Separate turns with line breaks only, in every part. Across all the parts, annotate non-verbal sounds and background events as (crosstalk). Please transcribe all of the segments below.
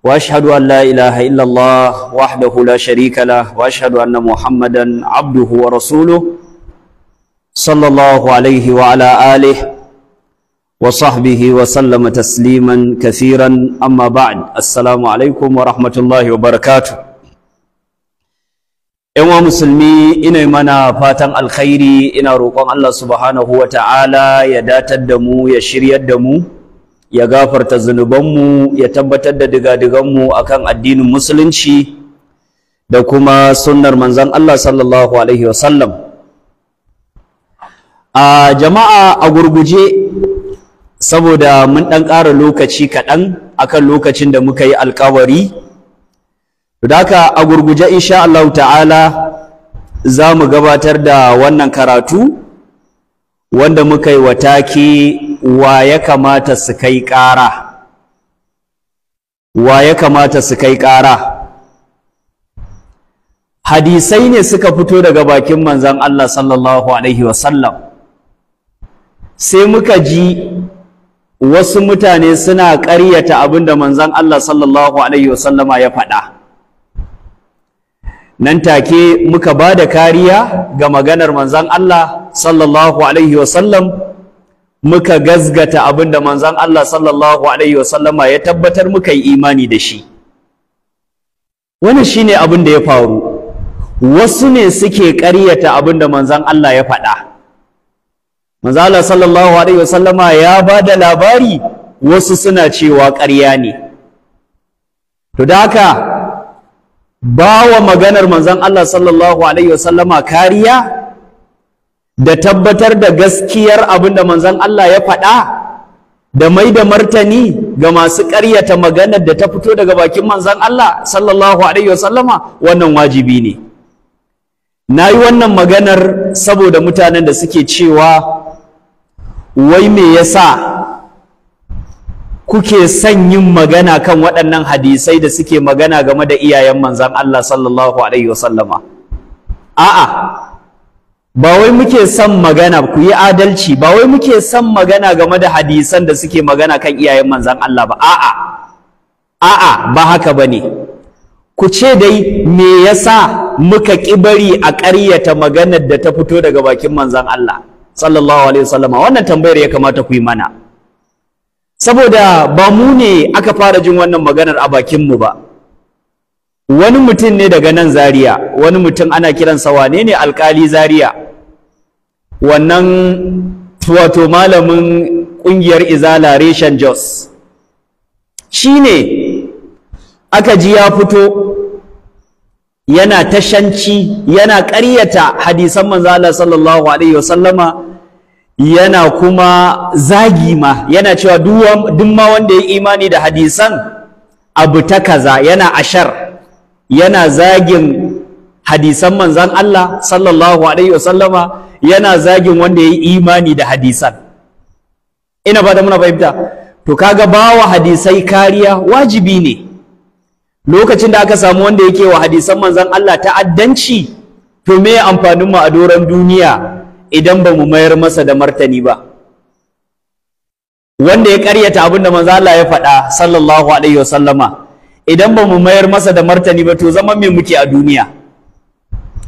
واشهد ان لا اله الا الله وحده لا شريك له واشهد ان محمدا عبده ورسوله صلى الله عليه وعلى اله وصحبه وسلم تسليما كثيرا اما بعد السلام عليكم ورحمه الله وبركاته yan musulmi ina mana fatan alkhairi ina roƙon Allah subhanahu wa ta'ala ya datar da mu ya shiryar da mu ya gafarta zunubanmu ya tabbatar da digadiganmu akan addinin musulunci da kuma sunnar manzon Allah sallallahu alaihi wasallam a jama'a a gurguje saboda mun ɗan ƙara lokaci kaɗan akan lokacin da muka yi alkawari haka a gurguje insha Allah ta'ala za mu gabatar da wannan karatu wanda muka yi wa take wa ya kamata su kai ƙara wa ya kamata su kai ƙara hadisai ne suka fito daga bakin manzan Allah sallallahu alaihi wasallam sai muka ji wasu mutane suna ƙaryata abin da manzan Allah sallallahu alaihi wasallama ya faɗa nan take muka ba da kariya ga maganar manzan Allah sallallahu alaihi wasallam muka gazgata abinda manzon Allah sallallahu alaihi wasallama ya tabbatar muka yi imani da shi wannan shine abin da ya faru wasu ne suke ƙaryata abin da manzon Allah ya faɗa manzon Allah sallallahu alaihi wasallama ya ba da labari wasu suna cewa ƙarya ne to da haka ba wa maganar manzon Allah sallallahu alaihi wasallama kariya da tabbatar da gaskiyar abin da manzon Allah ya faɗa da mai da martani ga masu ƙaryata maganar da ta fito daga bakin manzon Allah sallallahu alaihi wasallama wannan wajibi ne na yi wannan maganar saboda mutanen da suke cewa wai me yasa kuke son yin magana kan waɗannan hadisai da suke magana game da iyayen manzan Allah sallallahu alaihi wasallama a'a ba wai muke son magana ku yi adalci ba wai muke son magana game da hadisan da suke magana kan iyayen manzan Allah ba a'a a'a ba haka bane ku ce dai me yasa muka kibari a ƙaryata maganar da ta fito daga bakin manzan Allah sallallahu alaihi wasallama wannan tambayar ya kamata ku yi mana saboda ba mu ne aka fara jin wannan maganar a bakin mu ba wani mutum ne daga nan zaria wani mutum ana kiransa wane ne alkali zaria wannan wato malamin ƙungiyar izala reshen jos shi ne aka ji ya fito yana tashanci yana ƙaryata hadisan manzala sallallahu alaihi wasallama yana kuma zagi ma yana cewa duk ma wanda ya imani da hadisan abu ta kaza yana ashar yana zagin hadisan manzan Allah sallallahu alaihi wasallama yana zagin wanda ya yi imani da hadisan ina ba da muna fahimta to kaga bawa hadisai kariya wajibi ne lokacin da aka samu wanda yake wa hadisan manzan Allah ta'addanci to me amfanin mu a doron duniya idan ba mu mayar masa da martani ba wanda ya karyata abin da manzan Allah ya faɗa sallallahu alaihi wasallama idan ba mu mayar masa da martani ba to zaman me muke a duniya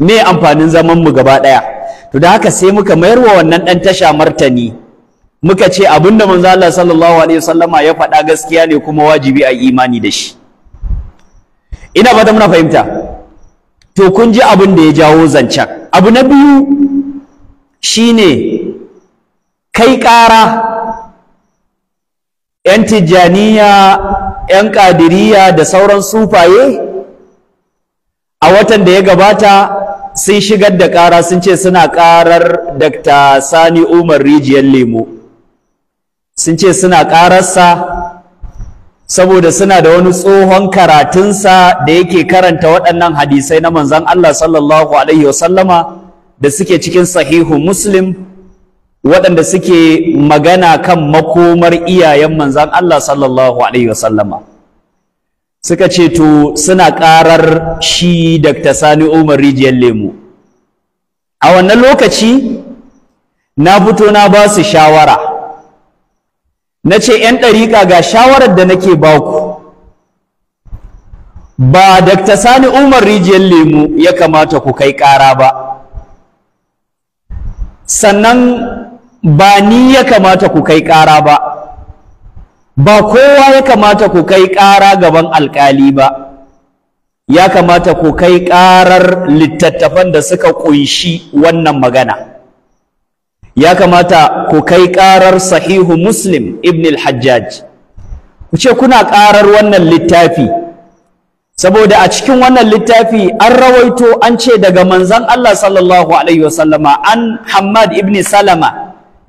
me amfanin zaman mu gaba daya to da haka sai muka mayar wa wannan dan tasha martani muka ce abinda manzo Allah sallallahu alaihi wasallama ya faɗa gaskiya ne kuma wajibi a imani da shi ina fata muna fahimta to kun ji abin da ya jawo zancen abu na biyu shine kai ƙara 'yan tijjaniya 'yan ƙadiriya da sauran sufaye a watan da ya gabata sun shigar da ƙara sun ce suna ƙarar Dr. Sani Umar Rijiyar Lemo sun ce suna ƙararsa saboda suna da wani tsohon karatunsa da yake karanta waɗannan hadisai na manzan Allah sallallahu alaihi wasallama da suke cikin sahihu Muslim waɗanda suke magana kan makomar iyayen manzan Allah sallallahu alaihi wasallama suka ce to suna ƙarar shi Dr. Sani Umar rijiyar lemu a wannan lokaci na fito na ba su shawara na ce 'yan ɗariƙa ga shawarar da nake ba ku ba Dr. Sani Umar rijiyar lemu ya kamata ku kai ƙara ba sannan ba ni ya kamata ku kai ƙara ba ba kowa ya kamata ku kai ƙara gaban alƙali ba ya kamata ku kai ƙarar littattafan da suka ƙunshi wannan magana ya kamata ku kai ƙarar sahihu muslim ibn al ku ce kuna ƙarar wannan littafi saboda a cikin wannan littafi an rawaito an ce daga manzan Allah sallallahu alaihi wasallama an Hamad ibn Salama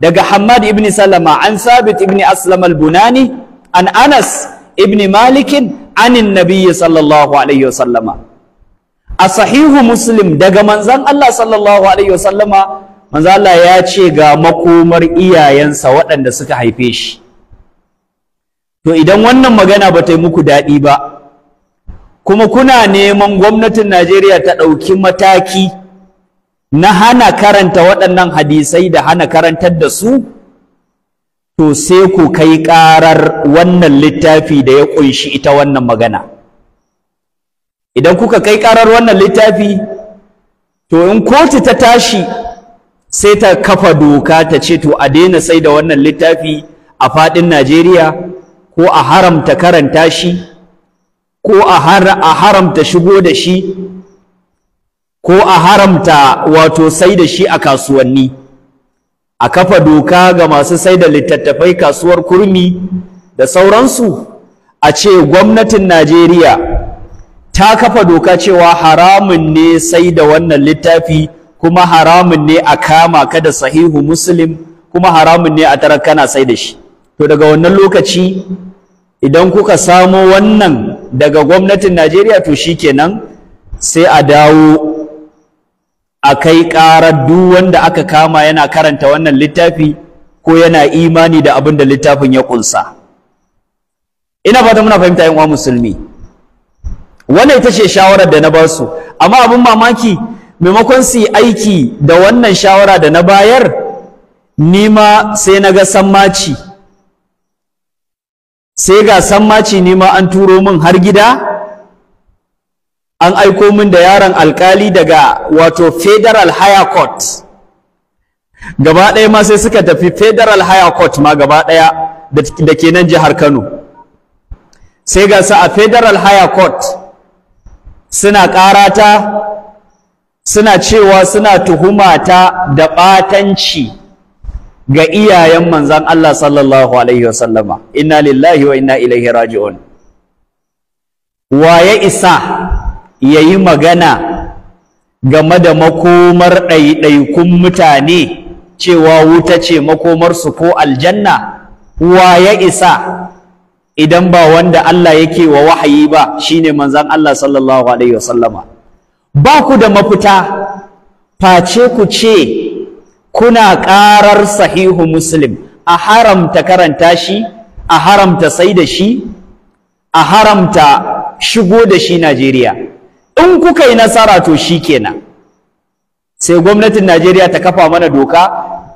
daga Hammad ibn Salama an Sabit ibn Aslam al-Bunani an Anas ibn Malik an Nabiyyi sallallahu alaihi wasallama a sahihu Muslim daga manzan Allah sallallahu alaihi wasallama Allah ya ce ga makomar iyayensa waɗanda suka haife shi to idan wannan magana ba ta yi muku daɗi ba kuma kuna neman gwamnatin Najeriya ta ɗauki mataki na hana karanta waɗannan hadisai da hana karantar da su to sai ku kai ƙarar wannan littafi da ya ƙunshi ita wannan magana idan kuka kai ƙarar wannan littafi to in kotu ta tashi sai ta kafa doka ta ce to a daina sai da wannan littafi a faɗin najeriya ko a haramta karanta shi ko a haramta shigo da shi ko a haramta wato sai da shi a kasuwanni a kafa doka ga masu sai da littattafai kasuwar kurmi da sauransu a ce gwamnatin Najeriya ta kafa doka cewa haramun ne sai da wannan littafi kuma haramun ne a kama kada sahihu muslim kuma haramun ne a tara kana sai da shi to daga wannan lokaci idan kuka samo wannan daga gwamnatin Najeriya to shi shikenan sai a dawo a kai ƙarar duk wanda aka kama yana karanta wannan littafi ko yana imani da abin da littafin ya ƙunsa ina fata muna fahimta yan uwa musulmi wannan ita ce shawarar da na ba su amma abin mamaki maimakon su yi aiki da wannan shawara da na bayar nima sai na ga sammaci sai ga sammaci nima an turo min har gida an aiko min da yaron alkali daga wato federal higher court gaba ɗaya ma sai suka tafi federal higher court ma gaba ɗaya da ke nan jihar kano sai ga su a federal higher court suna ƙarata suna cewa suna tuhumata da ɓatanci ga iyayen manzan Allah sallallahu alaihi wasallama inna lillahi wa inna ilaihi raji'un wa ya isa ya yi magana game da makomar ɗaiɗaikun mutane cewa wuta ce makomarsu ko aljanna wa ya isa idan ba wanda Allah yake wa wahayi ba shine manzan Allah sallallahu alaihi wasallama ba ku da mafita face ku ce kuna ƙarar sahihu muslim a haramta karanta shi a haramta sai da shi a haramta shigo da shi Najeriya in kuka yi nasara to shi kenan sai gwamnatin najeriya ta kafa mana doka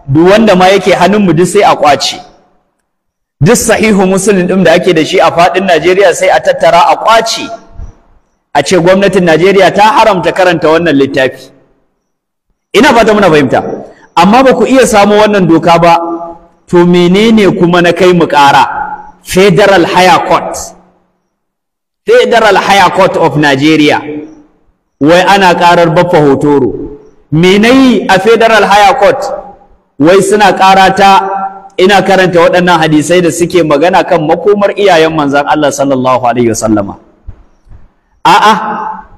duk wanda ma yake hannunmu duk sai a kwace duk sahihu musulun ɗin da ake da shi a faɗin najeriya sai a tattara a kwace a ce gwamnatin najeriya ta haramta karanta wannan littafi ina fata muna fahimta amma ba ku iya samo wannan doka ba to menene kuma na kai mu ƙara federal higher court Federal Higher Court of Nigeria wai ana karar baffa hotoro yi a Federal Higher Court wai suna kara ta ina karanta waɗannan hadisai da suke magana kan makomar iyayen manzan Allah sallallahu alaihi wasallama a'a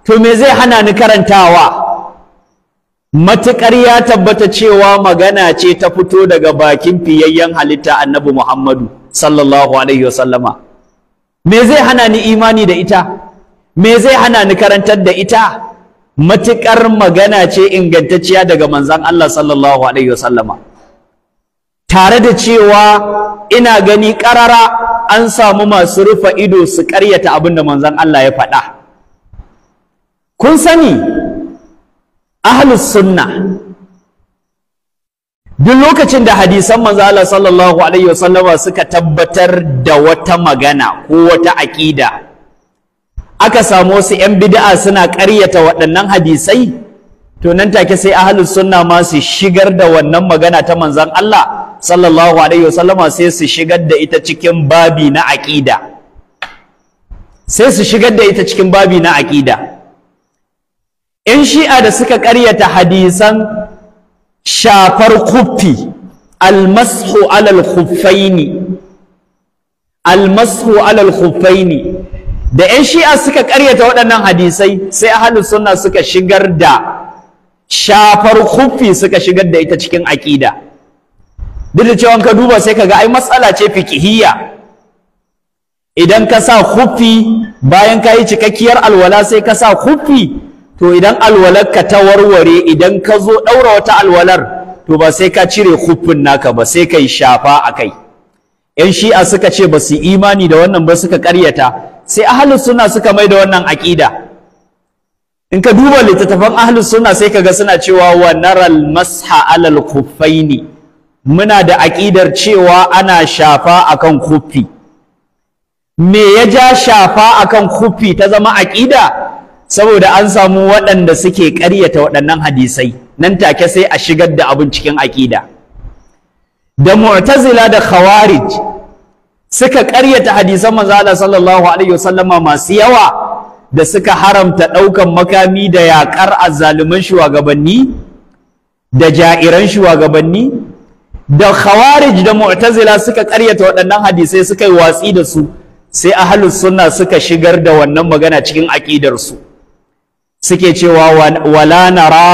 to me zai hana ni karantawa matuƙar ya tabbata cewa magana ce ta fito daga bakin fiyayyen halitta annabi Muhammadu sallallahu alaihi wasallama me zai hana ni imani da ita me zai hana ni karantar da ita matuƙar magana ce ingantacciya daga manzan Allah sallallahu alaihi wasallama tare da cewa ina gani ƙarara an samu masu rufa ido su ƙaryata abin da manzan Allah ya faɗa kun sani ahlus sunna duk lokacin da hadisan manzo Allah sallallahu alaihi wasallama suka tabbatar da wata magana ko wata aƙida aka samu wasu 'yan bida'a suna ƙaryata waɗannan hadisai to nan take sai ahlus sunna ma su shigar da wannan magana ta manzon Allah sallallahu alaihi wasallama sai su shigar da ita cikin babi na aƙida sai su shigar da ita cikin babi na aƙida in shi'a da suka ƙaryata hadisan shafar kufi almashu alal khuffaini almashu alal khuffaini da yan shi'a suka karyata waɗannan hadisai sai ahlus sunna suka shigar da shafar kufi suka shigar da ita cikin aƙida duk da cewa ka duba sai ka ga ai matsala ce fiqhiyya idan ka sa kufi bayan ka yi cikakkiyar alwala sai ka sa kufi. to idan alwalar ka ta warware idan ka zo ɗaura wata alwalar to ba sai ka cire huffin naka ba sai kai shafa a kai ‘yan shi'a suka ce ba su imani da wannan ba suka ƙaryata sai ahalus suna suka mai da wannan aƙida in ka duba littattafan ahlu suna sai ka ga suna cewa wa naral masha alal khuffaini muna da aƙidar cewa ana shafa akan kuffi me ya ja shafa akan kuffi ta zama aƙida saboda an samu waɗanda suke ƙaryata waɗannan hadisai nan take sai a shigar da abin cikin aƙida da mu'tazila da khawarij suka ƙaryata hadisan manzo Allah sallallahu alaihi wasallama masu yawa da suka haramta ɗaukan makami da yaƙar azzaluman shugabanni da ja'iran shugabanni da khawarij da mu'tazila suka ƙaryata waɗannan hadisai suka yi watsi da su sai ahlus sunna suka shigar da wannan magana cikin aƙidarsu su suke cewa wala nara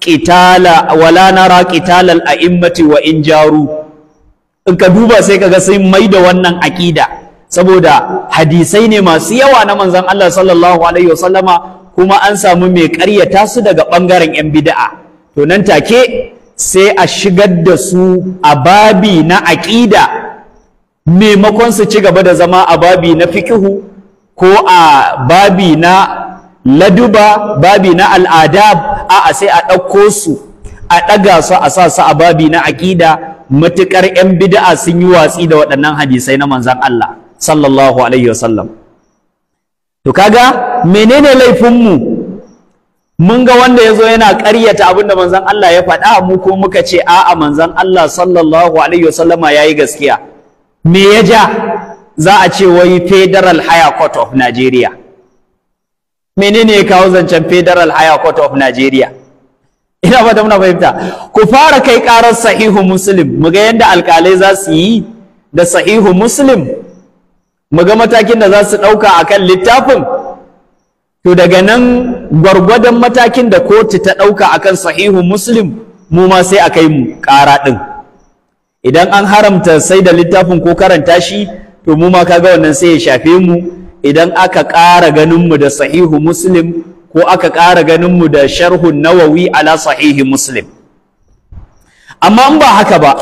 qitala wala nara qitalal wa in jaru in ka duba sai kaga sai mai da wannan aqida saboda hadisai ne masu yawa na manzon Allah sallallahu alaihi wasallama kuma an samu mai ƙaryata su daga ɓangaren 'yan bida'a to nan take sai a shigar da su a babi na aƙida maimakon su ci gaba da zama a babi na fikihu ko a babi na laduba babi na al'adab a'a sai a ɗauko su a ɗaga su a sa su a babi na aƙida matuƙar 'yan bid'a sun yi watsi da waɗannan hadisai na manzan Allah sallallahu alaihi wasallam to kaga menene laifinmu mun ga wanda ya zo yana ƙaryata abin da manzon Allah ya faɗa mu ko muka ce a'a manzan Allah sallallahu alaihi wasallama ya yi gaskiya me ya ja za a ce wai federal higher court of Nigeria menene ya kawo zancen federal higher court of nigeria ina ba muna fahimta ku fara kai karar sahihu muslim mu ga yadda alkalai za su yi da sahihu muslim mu ga matakin da za su ɗauka a kan littafin to daga nan gwargwadon matakin da kotu ta ɗauka a kan sahihu muslim mu ma sai a kai mu ƙara ɗin idan an haramta sai da littafin ko karanta shi to mu ma kaga wannan sai ya shafe mu idan aka ƙara ganinmu da sahihu muslim ko aka ƙara ganinmu da sharhun nawawi ala sahihi muslim amma in ba haka ba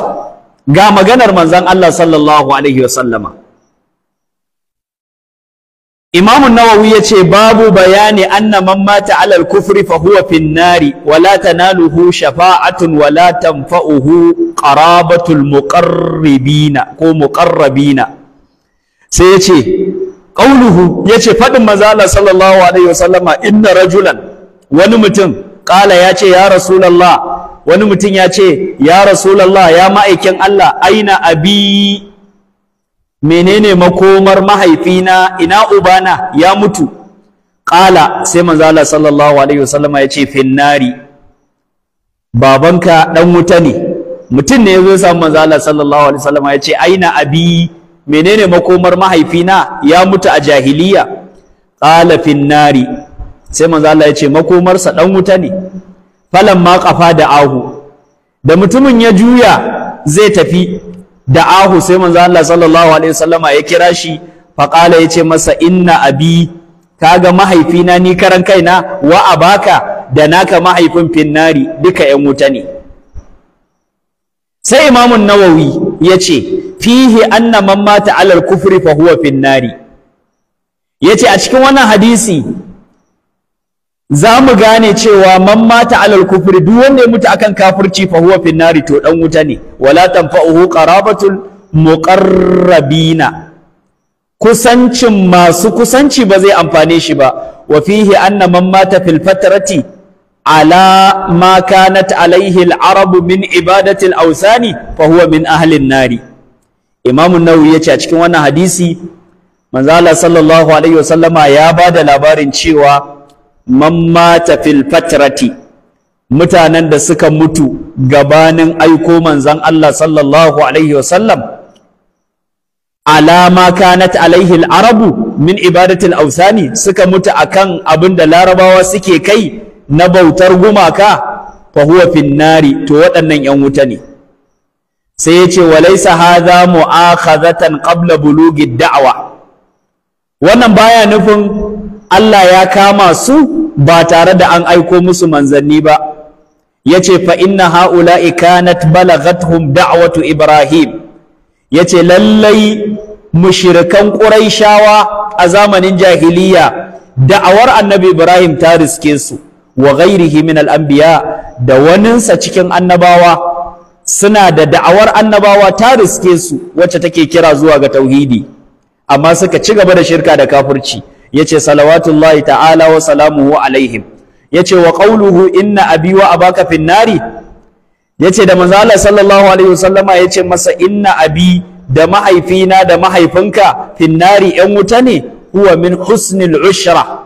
ga maganar manzan Allah sallallahu alaihi wasallama Imamun nawawi ya ce babu bayani anna man mata alal kufri fa huwa fin nari wala tanaluhu shafa'atun wala tanfa'uhu qarabatul muqarribina ko muqarrabina sai ya ce qawluhu yace fadin manzo Allah sallallahu alaihi wasallama inna rajulan wani mutum qala yace ya rasulullah wani mutum ya ce ya rasulallah ya ma'aikin Allah aina abi menene makomar mahaifina ina ubana ya mutu ƙala sai manzo Allah sallallahu alaihi wasallama ya ce finnari babanka dan wuta ne mutum ne ya zo samu manzo Allah sallallahu alaihi wasallama ya ce aina abi menene makomar mahaifina ya mutu a jahiliya qala finnari sai manzo Allah ya ce makomarsa dan wuta ne falamma qafa da ahu da mutumin ya juya zai tafi da ahu sai manzo Allah sallallahu alaihi wasallama ya kira shi faƙala ya ce masa inna abi kaga mahaifina ni karan kaina wa abaka da naka mahaifin finnari duka yan wuta ne sai imamun nawawi yace fihi anna man mata alal kufri fa huwa fin nari yace a cikin wannan hadisi za mu gane cewa man mata alal kufri duk wanda ya mutu akan kafirci fa huwa fin to dan wuta ne wala tanfa'uhu qarabatul muqarrabina kusancin masu kusanci ba zai amfane shi ba wa fihi anna man mata fil fatrati ala ma kanat alaihi arabu min ibadati ausani fa huwa min ahli nari Imam an ya yace a cikin wannan hadisi manzo Allah sallallahu alaihi wasallama ya bada labarin cewa man mata fil fatrati mutanen da suka mutu gabanin aiko manzon Allah sallallahu alaihi wasallam kanat alaihi arabu min ibadati ausani suka mutu akan abin da larabawa suke kai na bautar gumaka fa huwa finnari to waɗannan ‘yan wuta ne sai ya ce walaisa haza mu'akhazatan qabla bulugi da'wa wannan baya nufin Allah ya kama su ba tare da an aiko musu manzanni ba ya ce fa inna ha'ula'i kanat balagathum da'watu ibrahim ya ce lallai mushirikan ƙuraishawa a zamanin jahiliya da'awar annabi ibrahim ta riske su wa ghairihi min al-anbiya da waninsa cikin annabawa suna da da'awar annabawa ta riske su wacce take kira zuwa ga tauhidi amma suka ci gaba da shirka da kafirci yace salawatullahi ta'ala wa salamuhu alaihim yace wa qawluhu inna abi wa abaka fin yace da manzo Allah sallallahu alaihi wasallama yace masa inna abi da mahaifina da mahaifinka finnari yan wuta ne huwa min husnil ushra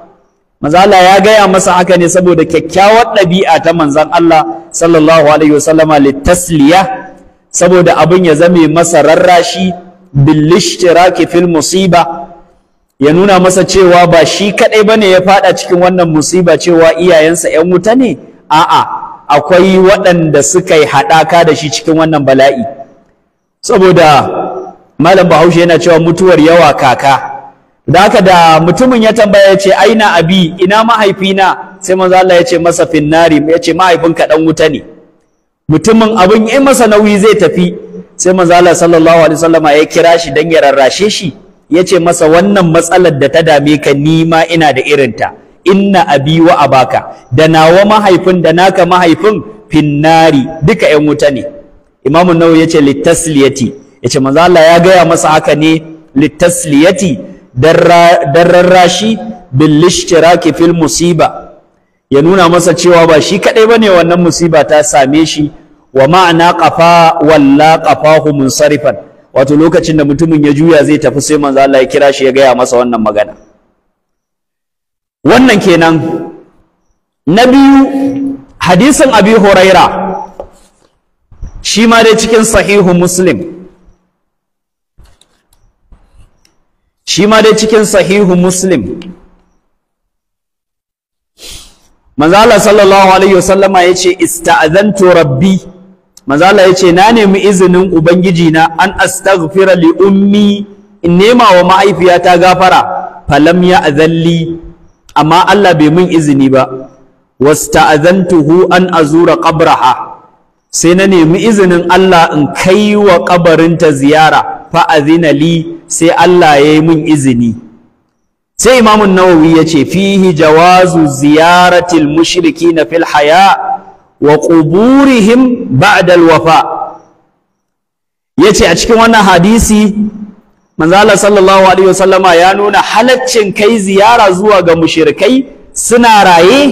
manzo Allah ya gaya masa haka ne saboda kyakkyawar ɗabi'a ta manzon Allah sallallahu alaihi wasallama litasliya saboda abin ya zame masa rarrashi bilishtiraki fil musiba ya nuna masa cewa ba shi kadai bane ya fada cikin wannan musiba cewa iyayensa yan wuta ne a'a akwai waɗanda suka yi haɗaka da shi cikin wannan bala'i saboda malam bahaushe yana cewa mutuwar yawa kaka da haka da mutumin ya tambaya ya ce aina abi ina mahaifina sai manzo Allah ya ce masa finnari ya ce mahaifinka dan wuta ne mutumin abin in masa nauyi zai tafi sai manzo Allah sallallahu alaihi wasallama ya kira shi dan ya rarrashe shi ya ce masa wannan matsalar da ta dame ka ni ma ina da irin irinta inna abi wa abaka da nawa mahaifin da naka mahaifin finnari duka yan wuta ne imamu nawawi ya ce litasliyati ya ce manzo Allah ya gaya masa haka ne litasliyati shi, bil ishtiraki fil musiba ya nuna masa cewa ba shi kadai bane wannan musiba ta same shi wa ma'ana qafa walla qafahu munsarifan wato lokacin da mutumin ya juya zai tafi sai manzo Allah ya kira shi ya gaya masa wannan magana wannan kenan na biyu hadisin abi huraira shi ma dai cikin sahihu muslim shi ma dai cikin sahihu muslim manzo sallallahu alaihi wasallama yace ista'azantu rabbi manzo ya yace na nemi izinin ubangiji na an astaghfira li ummi in nema wa mahaifiyata gafara falam ya azalli amma Allah bai min izini ba wasta'azantuhu an azura qabraha sai na nemi izinin Allah in kai wa ƙabarinta ziyara fa'azina li sai Allah ya yi min izini sai imamun nawawi ya ce fihi jawazu ziyaratil mushriki na fil haya wa ƙuburihim ba’adal wafa ya ce a cikin wannan hadisi manzala sallallahu alaihi wasallama ya nuna halaccin kai ziyara zuwa ga mushirikai suna raye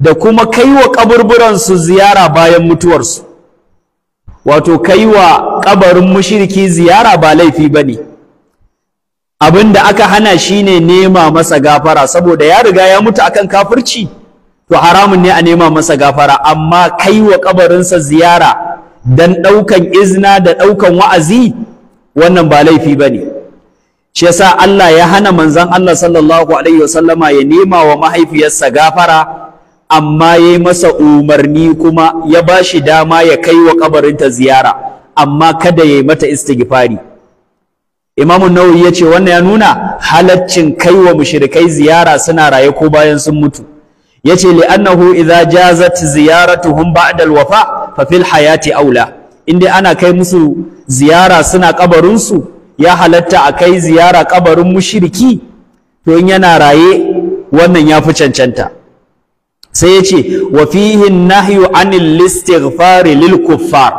da kuma kai wa ƙaburburansu ziyara bayan mutuwarsu wato kai wa kabarin mushriki ziyara ba laifi ba ne abin da aka hana shi ne nema masa gafara saboda ya riga ya mutu akan kafirci to haramun ne a nema masa gafara amma kai wa ƙabarinsa ziyara don ɗaukan izina da ɗaukan wa'azi wannan ba laifi ba ne shi yasa Allah ya hana manzon Allah sallallahu alaihi wasallama ya nema wa mahaifiyarsa gafara amma ya yi masa umarni kuma ya ba shi dama ya kai wa kabarinta ziyara amma kada ya yi mata istighfari imamun nawawi ya ce wannan ya nuna halaccin kai wa mushrikai ziyara suna raye ko bayan sun mutu ya ce li'annahu idza jazat ziyaratuhum ba'da al-wafa fa fil hayati aula inda ana kai musu ziyara suna kabarinsu ya halatta a kai ziyara kabarin mushriki to in yana raye wannan ya fi cancanta sai ya ce wa fihi nahyu anil istighfari lil kuffar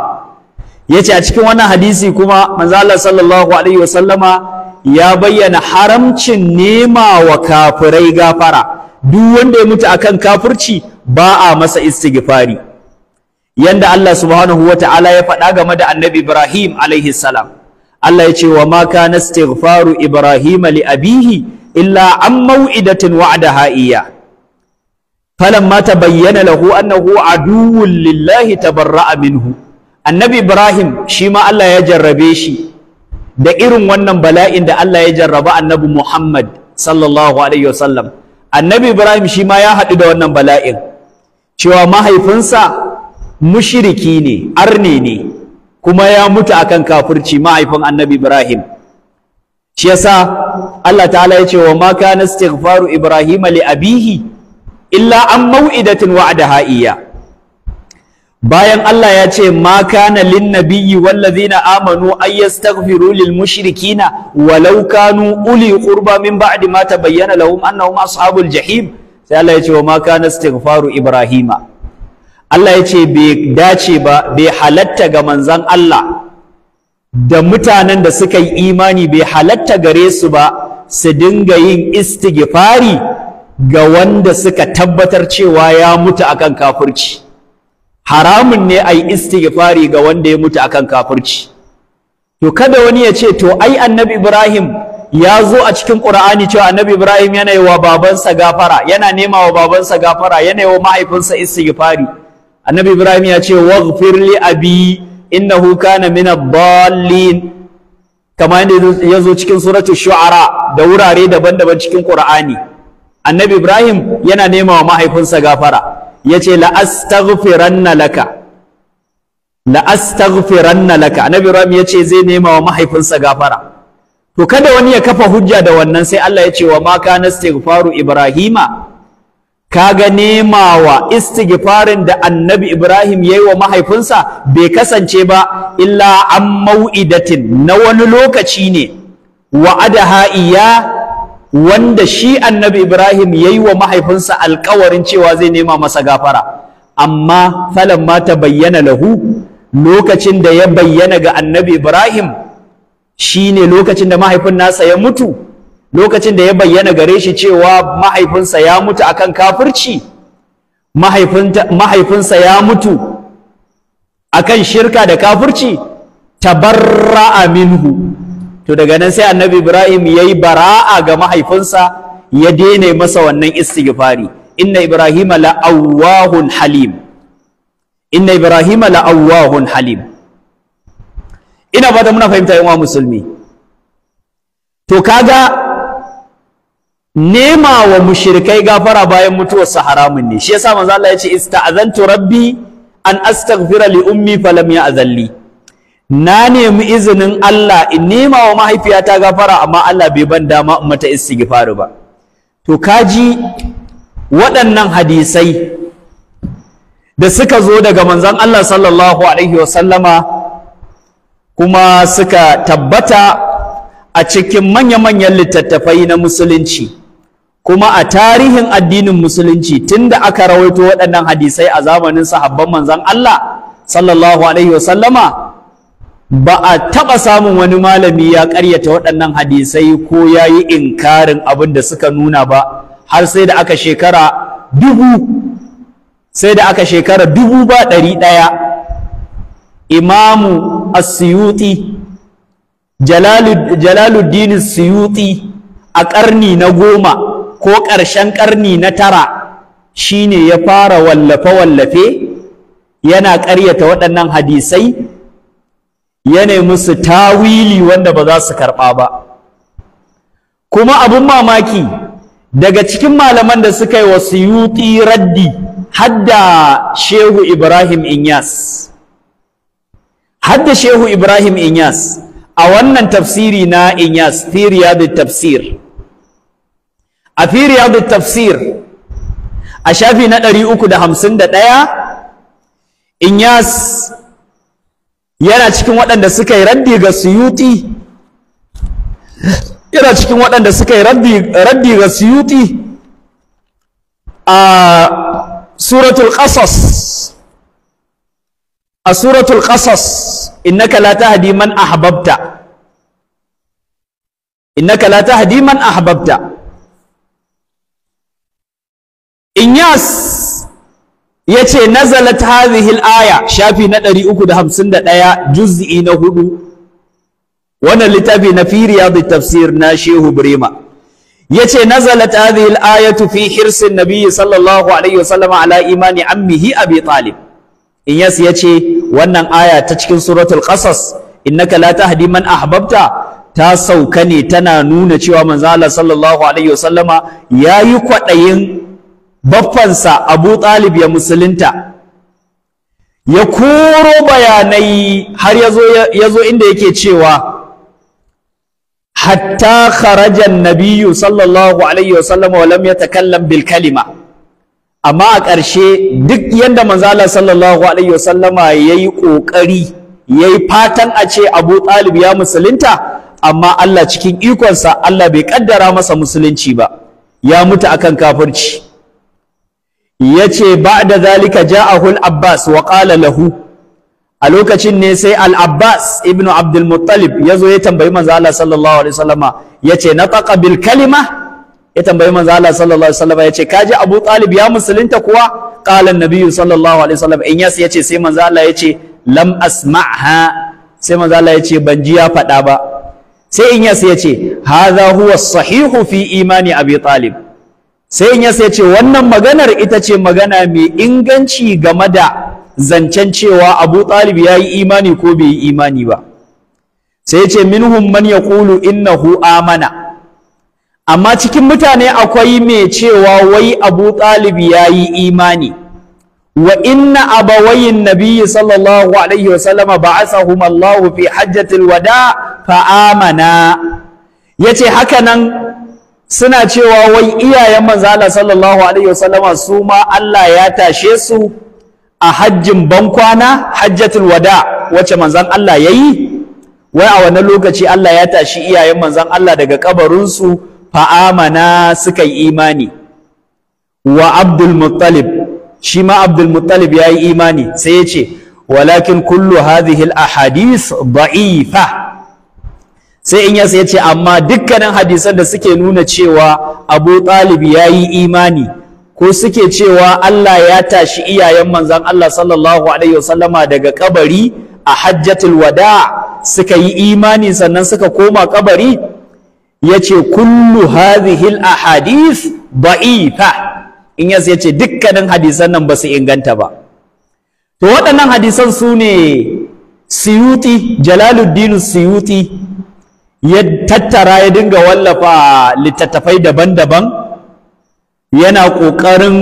yace a cikin wannan hadisi kuma Manzala sallallahu alaihi wasallama ya bayyana haramcin nema wa kafirai gafara duk wanda ya mutu akan kafirci ba a masa istighfari yanda Allah subhanahu ta'ala ya faɗa game da annabi Ibrahim alaihi salam Allah ya ce wa ma kana istighfaru Ibrahim li abihi illa an mau'idatin wa'adaha ha'iya. falamma tabayyana lahu annahu aduwwun lillahi tabarra'a minhu annabi ibrahim shi ma Allah ya jarrabe shi da irin wannan bala'in da Allah ya jarraba annabi muhammad sallallahu alaihi wasallam annabi ibrahim shi ma ya haɗu da wannan bala'in cewa mahaifinsa mushiriki ne arne ne kuma ya mutu akan kafirci mahaifin annabi ibrahim shi yasa Allah ta'ala ya ce wa ma kana istighfaru ibrahima li abihi illa an mau'idatin wa'adaha iya bayan Allah ya ce ma kana lin nabiyyi wallazina amanu ay yastaghfiru lil mushrikina walau kanu uli qurba min ba'di ma tabayyana lahum annahum ashabul jahim sai Allah ya ce wa ma kana istighfaru ibrahima Allah ya ce bai dace ba bai halatta ga manzon Allah da mutanen da suka yi imani bai halatta gare su ba su dinga yin istighfari ga wanda suka tabbatar cewa ya mutu akan kafirci haramun ne ai istighfari ga wanda ya mutu akan kafirci to kada wani ya ce to ai annabi Ibrahim ya zo a cikin Qur'ani cewa annabi Ibrahim yana yi wa babansa gafara yana nema wa babansa gafara yana yi wa mahaifinsa istighfari annabi Ibrahim ya ce waghfir li abi innahu kana min ad-dallin kamar yadda ya zo cikin suratul shu'ara da wurare daban-daban cikin Qur'ani annabi ibrahim yana nema wa mahaifinsa gafara ya ce la'astaghfiranna laka la'astaghfiranna laka annabi ibrahim ya ce zai nema wa mahaifinsa gafara to kada wani ya kafa hujja da wannan sai Allah ya ce wa ma kana istighfaru ibrahima kaga nemawa istighfarin da annabi ibrahim yayi wa mahaifinsa bai kasance ba illa an mau'idatin na wani lokaci ne wa'adaha iya wanda shi annabi Ibrahim ya yi wa mahaifinsa alkawarin cewa zai nema masa gafara amma ma ta bayyana lahu lokacin da ya bayyana ga annabi Ibrahim shi ne lokacin da mahaifin nasa ya mutu lokacin da ya bayyana gare shi cewa mahaifinsa ya mutu akan kafirci mahaifinsa ya mutu akan shirka da kafirci tabarra'a minhu to daga nan sai annabi ibrahim ya yi bara'a ga mahaifinsa ya daina masa wannan istighfari inna ibrahim la'awwahun halim inna ibrahim la'awwahun halim ina fata muna fahimta yan musulmi to kaga nema wa mushrikai gafara bayan mutuwar sa haramun ne shi yasa manzo Allah ya ce ista'azantu rabbi an astaghfira li ummi falam ya'zalli na nemi izinin Allah in nema wa mahaifiyata gafara amma Allah bai ban dama mata istighfar ba to kaji waɗannan hadisai da suka zo daga manzon Allah sallallahu alaihi wasallama kuma suka tabbata a cikin manya-manyan littattafai na musulunci kuma a tarihin addinin musulunci tunda aka rawaito waɗannan hadisai a zamanin sahabban manzon Allah sallallahu alaihi wasallama ba a taɓa samun wani malami ya ƙaryata waɗannan hadisai ko ya yi inkarin abin da suka nuna ba har sai da aka shekara dubu sai da aka shekara dubu ba ɗari ɗaya imamu asiyuti jalaluddin siyuti a ƙarni na goma ko ƙarshen ƙarni na tara shine ya fara wallafe-wallafe yana ƙaryata waɗannan hadisai ya nemi su tawili wanda ba za su karɓa ba kuma abin mamaki daga cikin malaman da suka yi wa suyuti raddi hadda shehu ibrahim inyas hadda shehu ibrahim inyas a wannan tafsiri na inyas fi riyadu tafsir a fi riyadu tafsir a shafi na 351 inyas yana cikin waɗanda suka yi raddi ga suyuti yana cikin waɗanda suka yi raddi ga suyuti a suratul qasas a suratul qasas innaka la tahdi man ahbabta innaka la tahdi man ahbabta inyas yace nazalat hadhihi aya shafi na 351 juz'i na hudu wannan littafi na fi riyadu tafsir na shehu Birema. yace nazalat hadhihi ayatu fi hirsin nabiy sallallahu alaihi wasallam ala imani ammihi abi talib in yas yace wannan aya ta cikin suratul qasas innaka la tahdi man ahbabta ta sauka ne tana nuna cewa manzo Allah sallallahu alaihi wasallama yayi kwadayin baffansa abu talib ya musulunta ya koro bayanai har ya zo inda yake cewa hatta kharajan nabiyyu sallallahu alaihi wasallam wa lam yatakallam bil kalima amma a ƙarshe duk yadda manzala sallallahu alaihi wasallama ya yi ƙoƙari ya yi fatan a ce abu ɗalib ya musulunta amma Allah cikin ikonsa Allah bai ƙaddara masa musulunci ba ya mutu akan kafirci yace da zalika ja'ahu al-abbas wa qala lahu a lokacin ne sai al-abbas ibnu abdul muttalib yazo ya tambayi manzo Allah sallallahu alaihi wasallama yace nataqa bil kalima ya tambayi manzo Allah sallallahu alaihi wasallama yace kaji abu talib ya musulunta kuwa qala an-nabiy sallallahu alaihi wasallam in yas yace sai manzo Allah yace lam asma'ha sai manzo Allah yace ban ji ya faɗa ba sai in yas yace hadha huwa sahihu fi imani abi talib sai in yasa ce wannan maganar ita ce magana mai inganci game da zancen cewa abu talib ya yi imani ko bai yi imani ba sai ya ce minhum man ya kulu innahu amana amma cikin mutane akwai mai cewa wai abu talib ya yi imani wa inna abawayin nabiyyi sallallahu alaihi wasallama ba'asahum allahu fi hajjatil wada fa amana yace haka nan suna cewa wai iyayen manzo Allah sallallahu alaihi wasallama su ma Allah ya tashe su a hajjin bankwana hajjatul wada wacce manzon Allah yayi wai a wannan lokaci Allah ya tashi iyayen manzon Allah daga ƙabarinsu fa'amana suka yi imani wa Abdul Muttalib shi ma Abdul Muttalib yayi imani sai ya ce walakin kullu hadhihi al ahadith da'ifa sai in yasa ya ce amma dukkanin hadisan da suke nuna cewa abu talib ya yi imani ko suke cewa Allah ya tashi iyayen manzan Allah sallallahu alaihi wasallama daga kabari a hajjatul wada suka yi imani sannan suka koma kabari ya ce kullu hadhihi ahadith da'ifa in yasa ya ce dukkanin hadisan nan ba su inganta ba to waɗannan hadisan su ne siyuti jalaluddin siyuti ya tattara ya dinga wallafa littattafai daban-daban yana ƙoƙarin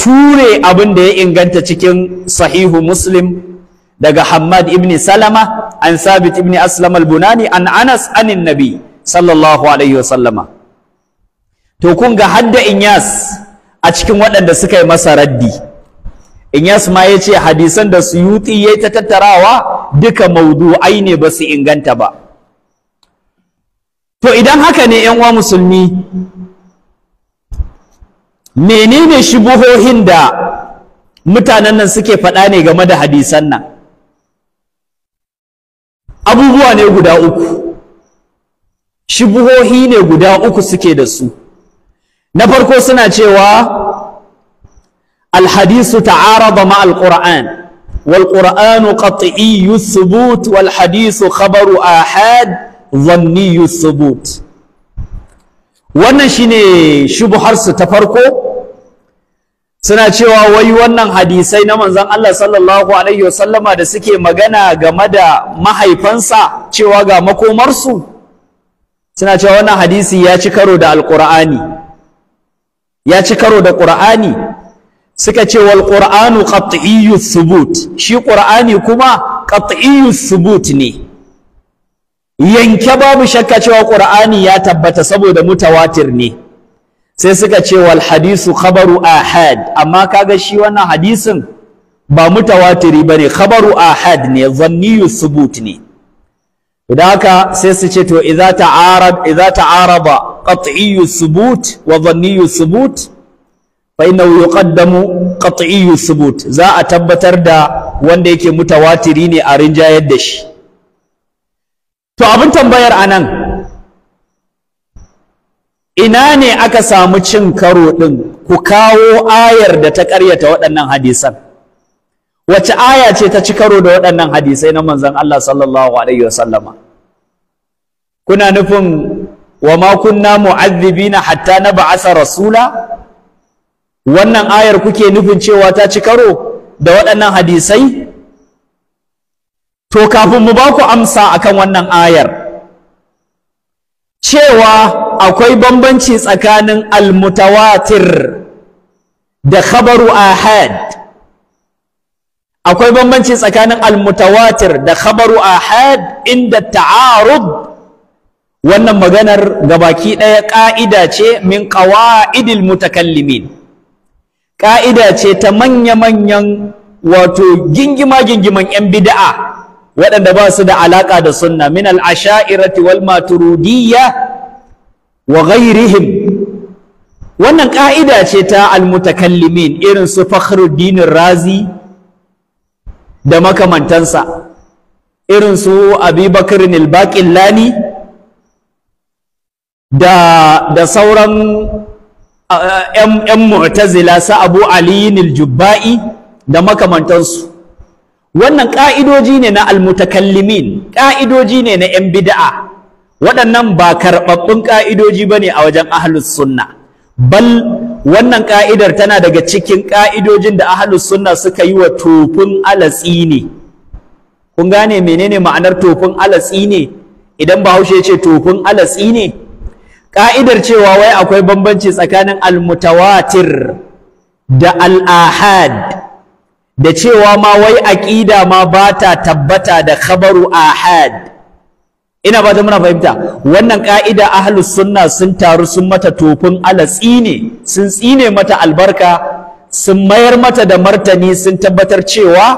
ture abin da ya inganta cikin sahihu muslim daga Hamad ibn Salama an Sabit ibn Aslam al-Bunani an Anas anin Nabi sallallahu alaihi wasallama to kun ga hadda Inyas a cikin waɗanda suka yi masa raddi Inyas ma ya ce hadisan da Suyuti ya ta tattarawa duka maudu'ai ne ba su inganta ba to idan haka ne yan uwa musulmi menene shubuhohin da mutanen nan suke faɗa ne game da hadisan nan abubuwa ne guda uku shubuhohi ne guda uku suke da su na farko suna cewa ma تعارض مع القرآن والقرآن قطعي wal hadisu, خبر ahad. zanniyu subut wannan shine shubuharsu ta farko suna cewa wai wannan hadisai na manzon Allah sallallahu alaihi wasallama da suke magana game da mahaifansa cewa ga makomarsu suna cewa wannan hadisi ya ci karo da alqur'ani ya ci karo da qur'ani suka ce wal qur'anu qat'iyyu thubut shi qur'ani kuma qat'iyyu thubut ne yanke babu shakka cewa qur'ani ya tabbata saboda mutawatir ne sai suka ce wal hadisu khabaru ahad amma kaga shi wannan hadisin ba mutawatiri bane khabaru ahad ne zanniyu subut ne idan haka sai su ce to idza ta'arab idza ta'araba qat'iyyu subut wa dhanniyyu subut fa innahu yuqaddamu qat'iyyu subut za a tabbatar da wanda yake mutawatiri ne a rinjayar da shi to abin tambayar anan ina ne aka samu cin karo ɗin ku kawo ayar da ta ƙaryata waɗannan hadisan wace aya ce ta ci karo da waɗannan hadisai na manzon Allah sallallahu alaihi wasallama kuna nufin wa ma kunna mu'adhibina hatta na ba'asa rasula wannan ayar kuke nufin cewa ta ci karo da waɗannan hadisai to kafin mu ba ku amsa akan wannan ayar cewa akwai bambanci tsakanin almutawatir da khabaru ahad akwai bambanci tsakanin almutawatir da khabaru ahad inda ta'arud wannan maganar gabaki ɗaya ƙa'ida ce min ƙawa'idil mutakallimin ƙa'ida ce ta manya-manyan wato gingima-gingiman 'yan bida'a waɗanda ba su da alaƙa da sunna min al'asha'irati wal maturidiyya wa ghairihim wannan ƙa'ida ce ta almutakallimin irin su fakhruddin razi da makamantansa irin su abubakar nilbaƙillani da da sauran ‘yan mu'tazila su abu aliyin jubba'i da makamantansu wannan ƙa'idoji ne na almutakallimin ƙa'idoji ne na ‘yan bida'a waɗannan ba karɓaɓɓun ƙa'idoji ba ne a wajen ahalus sunna bal wannan ƙa'idar tana daga cikin ƙa'idojin da ahalus sunna suka yi wa tofin alatsi ne kun gane menene ma'anar tofin alatsi ne idan haushe ce tofin alatsi ne ƙa'idar cewa wai akwai bambanci tsakanin almutawatir da al'ahad da cewa ma wai aƙida ma ba ta tabbata da khabaru ahad ina ba muna fahimta wannan ƙa'ida ahlus sunna sun taru sun mata tofin alatsi ne sun tsine mata albarka sun mayar mata da martani sun tabbatar cewa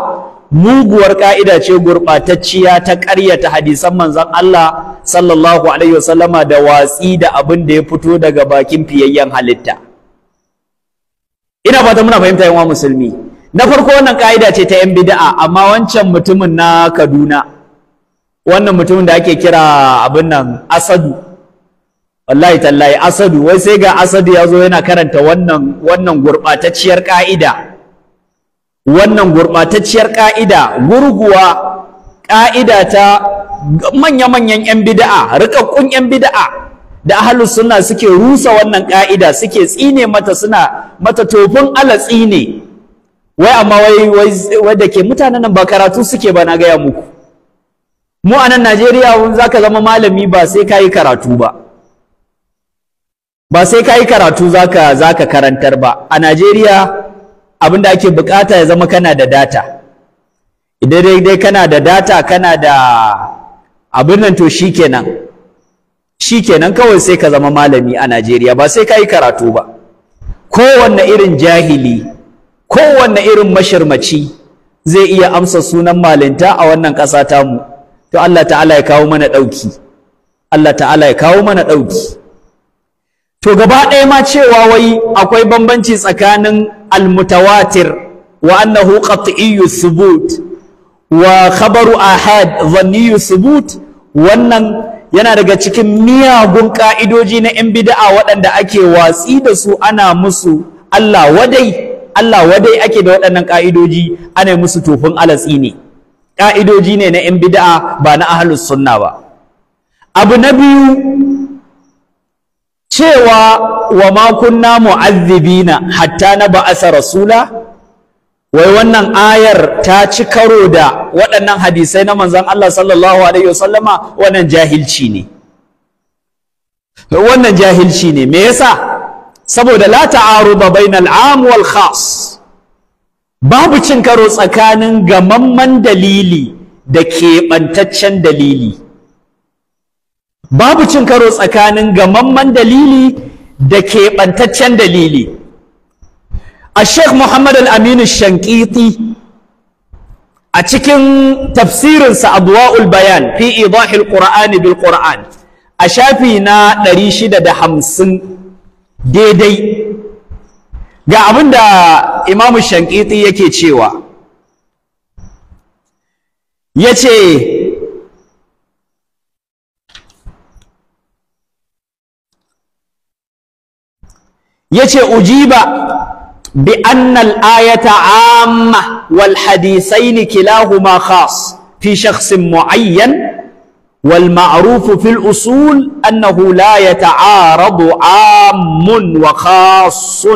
muguwar ƙa'ida ce gurɓatacciya ta ƙaryata hadisan manzon Allah sallallahu alaihi wasallama da watsi da abin da ya fito daga bakin fiyayyen halitta ina fata muna fahimta yan musulmi na farko wannan ka'ida ce ta 'yan bida'a amma wancan mutumin na kaduna wannan mutumin da ake kira abin nan asadu wallahi tallahi asadu wai sai ga asadu ya zo yana karanta wannan wannan gurɓatacciyar ka'ida wannan gurɓatacciyar ka'ida gurguwa ka'ida ta manya-manyan 'yan bida'a riƙaƙƙun 'yan bida'a da ahalus suna suke rusa wannan ka'ida suke tsine mata suna mata tofin ala tsine. wai amma wai wadda ke mutanen nan ba karatu suke ba na gaya muku mu a nan najeriya za ka zama malami ba sai ka yi karatu ba ba sai ka yi karatu za ka karantar ba a najeriya abin da ake bukata ya zama kana da data idan dai kana da data kana da abin nan to shikenan shikenan kawai sai ka zama malami a najeriya ba sai ka yi karatu ba kowanne irin jahili kowanne irin mashirmaci zai iya amsa sunan malinta a wannan ƙasa tamu to Allah ta'ala ya kawo mana ɗauki Allah ta'ala ya kawo mana ɗauki to gaba ɗaya ma cewa wai akwai bambanci tsakanin almutawatir wa annahu qat'iyyu thubut wa khabaru ahad dhanniyyu thubut wannan yana daga cikin miyagun ka'idoji na 'yan bida'a waɗanda ake watsi da su ana musu Allah wadai Allah wadai ake da waɗannan ƙa'idoji ana musu tofin alatsi ne ƙa'idoji ne na 'yan bid'a ba na ahalus sunna ba abu na biyu cewa wa ma kunna mu'azzibina hatta na ba'asa rasula wai wannan ayar ta ci karo da waɗannan hadisai na manzon Allah sallallahu alaihi wasallama wannan jahilci ne wannan jahilci ne me yasa saboda la ta'aruba bainal am wal khas babu cin karo tsakanin gamamman dalili da keɓantaccen dalili babu cin karo tsakanin gamamman dalili da keɓantaccen dalili a sheikh muhammad al-aminu shankiti a cikin tafsirinsa adwa'ul bayan fi idahil qur'ani bil qur'an a shafi na 650 daidai ga abin da imamu shankiti yake cewa yace yace ujiba bi anna al-ayata amma wal hadithain kilahuma khas fi shakhsin muayyan والمعروف في الأصول أنه لا يتعارض عام وخاص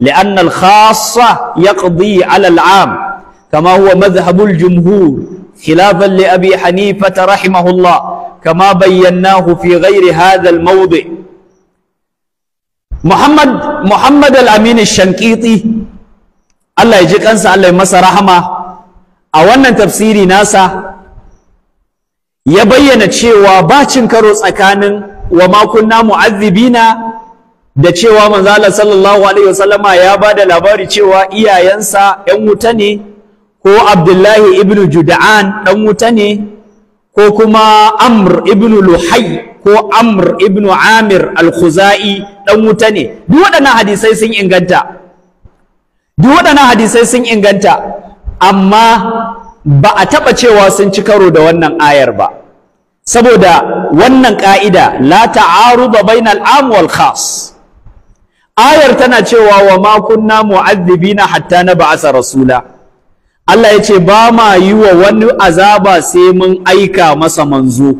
لأن الخاصة يقضي على العام كما هو مذهب الجمهور خلافا لأبي حنيفة رحمه الله كما بيناه في غير هذا الموضع محمد محمد الأمين الشنقيطي الله يجيك أنسى الله يمسى رحمه أولا تفسيري ناسا ya bayyana cewa ba cin karo tsakanin wa makunna mu'azzibina da cewa manzo Allah sallallahu alaihi wasallama ya ba da labari cewa iyayensa ɗan wuta ne ko Abdullahi ibn Juda'an ɗan wuta ne ko kuma Amr ibn Luhai ko Amr ibn Amir al-Khuzai ɗan wuta ne duk waɗannan hadisai sun inganta duk waɗannan hadisai sun inganta amma ba a taɓa cewa sun ci karo da wannan ayar ba saboda wannan ƙa'ida la ta'aruda bainal am wal khas ayar tana cewa wa ma kunna mu'adhibina hatta na ba'asa rasula Allah ya ce ba ma yi wa wani azaba sai mun aika masa manzo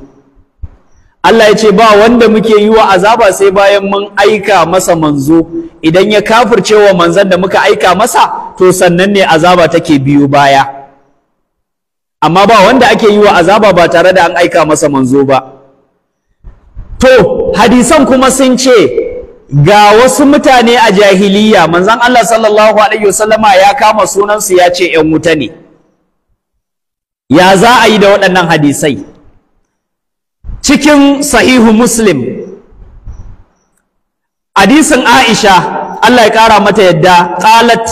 Allah ya ce ba wanda muke yi wa azaba sai bayan mun aika masa manzo idan ya kafircewa manzon da muka aika masa to sannan ne azaba take biyo baya amma ba wanda ake yi wa azaba ba tare da an aika masa manzo ba to hadisan kuma sun ce ga wasu mutane a jahiliya manzon Allah sallallahu alaihi wasallama ya kama sunansu ya ce ‘yan wuta ne ya za a yi da waɗannan hadisai cikin sahihu muslim hadisin aisha Allah ya ƙara mata yadda ƙalat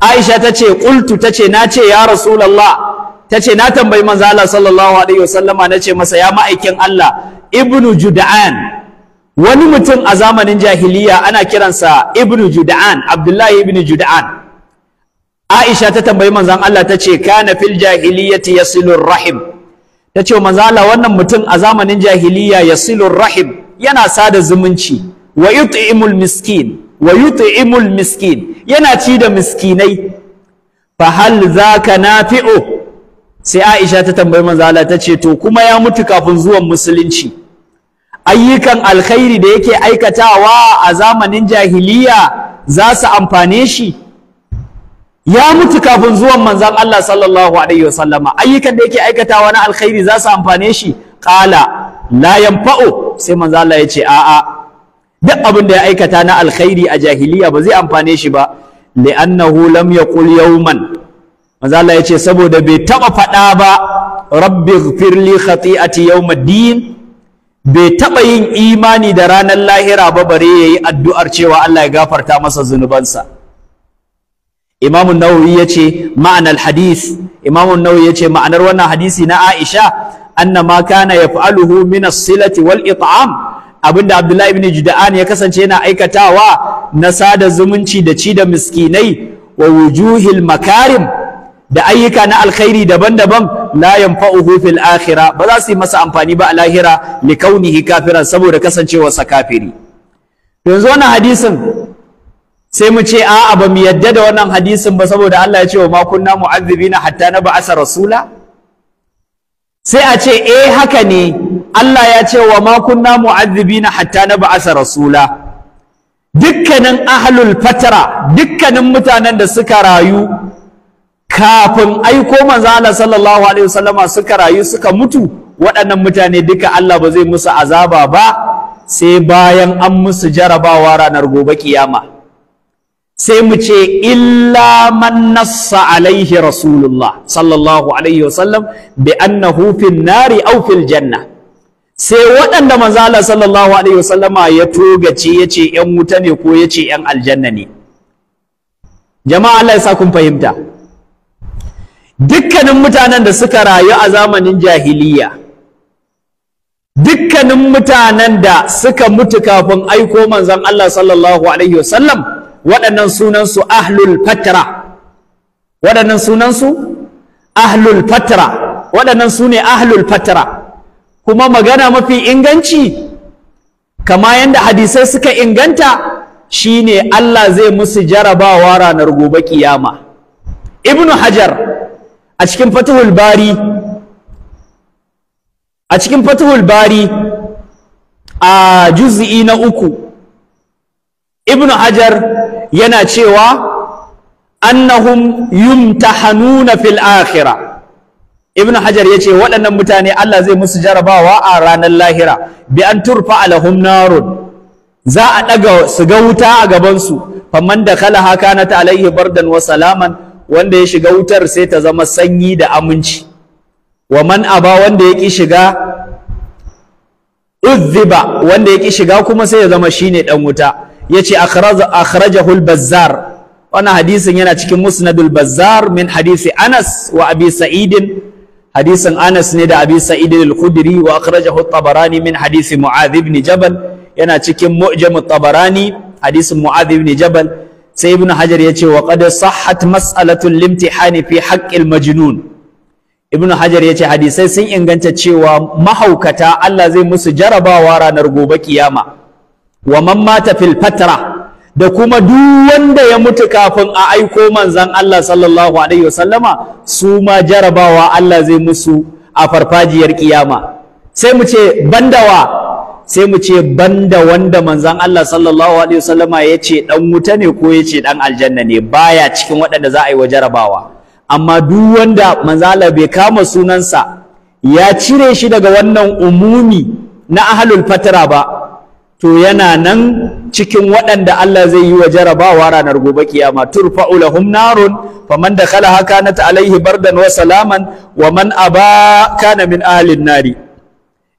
aisha ta ce ƙultu ta ce na ce ya rasulallah ta ce na tambayi manzo Allah sallallahu alaihi wasallama na ce masa ya ma'aikin Allah ibnu juda'an wani mutum a zamanin jahiliya ana kiransa ibnu juda'an abdullahi ibnu juda'an Aisha ta tambayi manzon Allah ta ce kana fil jahiliyati yasilur rahim ta ce manzon Allah wannan mutum a zamanin jahiliya yasilur rahim yana sada zumunci wa yut'imul miskin wa yut'imul miskin yana ci da miskinai fa hal zaka nafi'u sai Aisha ta tambayi manzo Allah ta ce to kuma ya mutu kafin zuwan musulunci ayyukan alkhairi da yake aikatawa a zamanin jahiliya za su amfane shi ya mutu kafin zuwan manzon Allah sallallahu alaihi wasallama ayyukan da yake aikatawa na alkhairi za su amfane shi qala la yanfa'u sai manzo Allah ya ce a'a duk abin da ya aikata na alkhairi a jahiliya ba zai amfane shi ba li'annahu lam yaqul yawman manzo Allah yace saboda bai taba faɗa ba rabbi ighfirli khati'ati yawmiddin bai taba yin imani da ranar lahira ba bare yayi addu'ar cewa Allah ya gafarta masa zunubansa Imam an-Nawawi yace ma'anar Imam an-Nawawi yace ma'anar wannan hadisi na Aisha anna ma kana yaf'aluhu min as-silati wal it'am abinda Abdullahi ibn Juda'an ya kasance yana aikatawa na sada zumunci da ci da miskinai wa wujuhil makarim da ayyuka na alkhairi daban-daban la yanfa'uhu fil akhirah ba za su yi masa amfani ba a lahira li kaunihi kafiran saboda kasancewar sa kafiri yanzu wannan hadisin sai mu ce a'a ba mu yadda da wannan hadisin ba saboda Allah ya ce wa ma kunna hatta na ba'asa rasula sai a ce eh haka ne Allah ya ce wa ma kunna mu'azzibina hatta na ba'asa rasula dukkanin ahlul Fatra dukkanin mutanen da suka rayu kafin aiko manzo Allah sallallahu alaihi wasallama suka rayu suka mutu waɗannan mutane duka Allah ba zai musu azaba ba sai bayan an musu jarabawa ranar gobe kiyama sai mu ce illa man nassa alaihi rasulullah sallallahu alaihi wasallam bi annahu fin nari aw fil janna sai waɗanda manzo Allah sallallahu alaihi wasallama ya togace yace ƴan wuta ne ko yace ƴan aljanna ne jama'a Allah ya sa kun fahimta dukkanin mutanen da suka rayu a zamanin jahiliya dukkanin mutanen da suka mutu kafin aiko manzon Allah sallallahu alaihi wasallam waɗannan sunansu ahlul fatra waɗannan sunansu ahlul fatra waɗannan su ne ahlul fatra kuma magana mafi inganci kama yadda hadisai suka inganta shine Allah zai musu jarabawa ranar gobe kiyama ibnu hajar a cikin fatihul bari a cikin fatihul bari a juz'i na uku ibnu hajar yana cewa annahum yumtahanuna fil akhirah ibn hajar ya ce waɗannan mutane Allah zai musu jarabawa a ranar lahira bi an turfa alahum narun za a ɗaga su ga wuta a gabansu, su faman da kala haka na ta alaihi bardan wa salaman wanda ya shiga wutar sai ta zama sanyi da aminci wa man aba wanda ya ki shiga uzziba wanda ya ki shiga kuma sai ya zama shine dan wuta yace akhrajahu al-bazzar wannan hadisin yana cikin musnadul bazzar min hadisi anas wa abi sa'idin hadisin anas ne da abi sa'idin al-khudri wa akhrajahu at-tabarani min hadisi mu'adh ibn jabal yana cikin mu'jam at-tabarani hadisin mu'adh ibn jabal sai ibnu hajar ya ce wa qad sahhat mas'alatul limtihani fi haqqil majnun ibnu hajar ya ce hadisai sun inganta cewa mahaukata Allah zai musu jarabawa ranar gobe kiyama wa man mata fil fatra da kuma duk wanda ya mutu kafin a aiko manzon Allah sallallahu alaihi wasallama su ma jarabawa Allah zai musu a farfajiyar kiyama sai mu ce bandawa sai mu ce banda wanda manzan Allah sallallahu alaihi wasallama ya ce dan wuta ne ko ya ce dan aljanna ne baya cikin waɗanda za a yi wa jarabawa amma duk wanda manzan Allah bai kama sunansa ya cire shi daga wannan umumi na ahlul fatra ba to yana nan cikin waɗanda Allah zai yi wa jarabawa ranar gobe kiyama turfa'u lahum narun faman dakhalaha kanat alaihi bardan wa salaman wa man aba kana min ahlin nari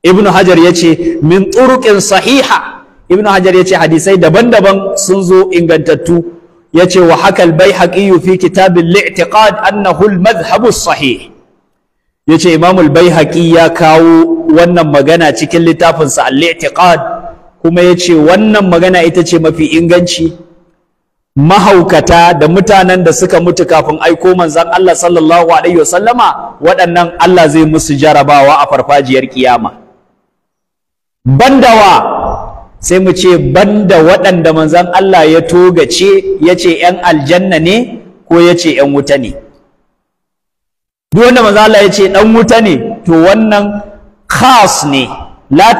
ibn hajar ya ce min turuqin sahiha ibn hajar ya ce hadisai daban-daban sun zo ingantattu ya ce wa haka albayhaqi fi kitabin li'tiqad annahu al-madhhabu sahih ya ce imam albayhaqi ya kawo wannan magana cikin littafinsa al-li'tiqad kuma ya ce wannan magana ita ce mafi inganci mahaukata da mutanen da suka mutu kafin aiko manzan Allah sallallahu alaihi wasallama waɗannan Allah zai musu jarabawa a farfajiyar kiyama bandawa sai mu ce banda waɗanda manzan Allah ya togace ya ce ‘yan aljanna ne ko ya ce ‘yan wuta ne duk wanda manzan Allah ya ce ɗan wuta ne to wannan khas ne la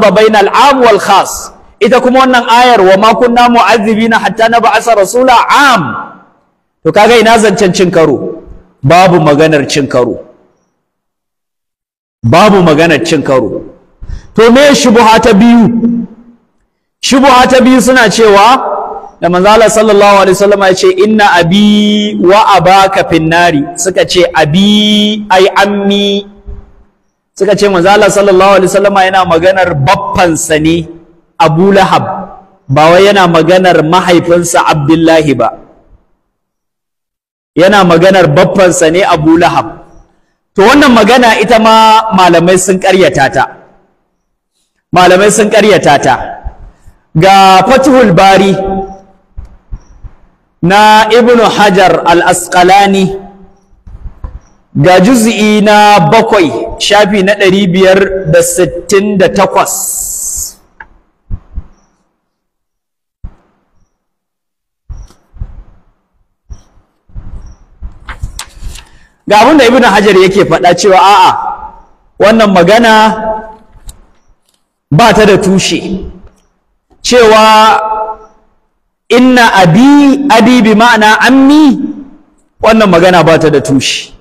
ba bainal am wal khas ita kuma wannan ayar wa ma kunna na hatta na ba'asa rasula am to kaga ina zancen cin karo babu maganar cin karo babu maganar cin karo to me shubuha ta biyu shubuha ta biyu suna cewa da manzala sallallahu alaihi wasallam ya ce inna abi wa abaka finnari suka ce abi ai ammi suka ce manzala sallallahu alaihi wasallam yana maganar baffansa ne Abu Lahab ba wai yana maganar mahaifinsa Abdullahi ba yana maganar baffansa ne Abu Lahab to wannan magana ita ma malamai sun karyata ta malamai sun karyata ta ga fatihul bari na ibnu hajar al-asqalani ga juz'i na bakwai shafi na ɗari biyar da sittin da takwas ga abin da ibnu hajar yake faɗa cewa a'a wannan magana ba ta da tushe cewa inna abi abi bi ma'ana ammi wannan magana ba ta da tushe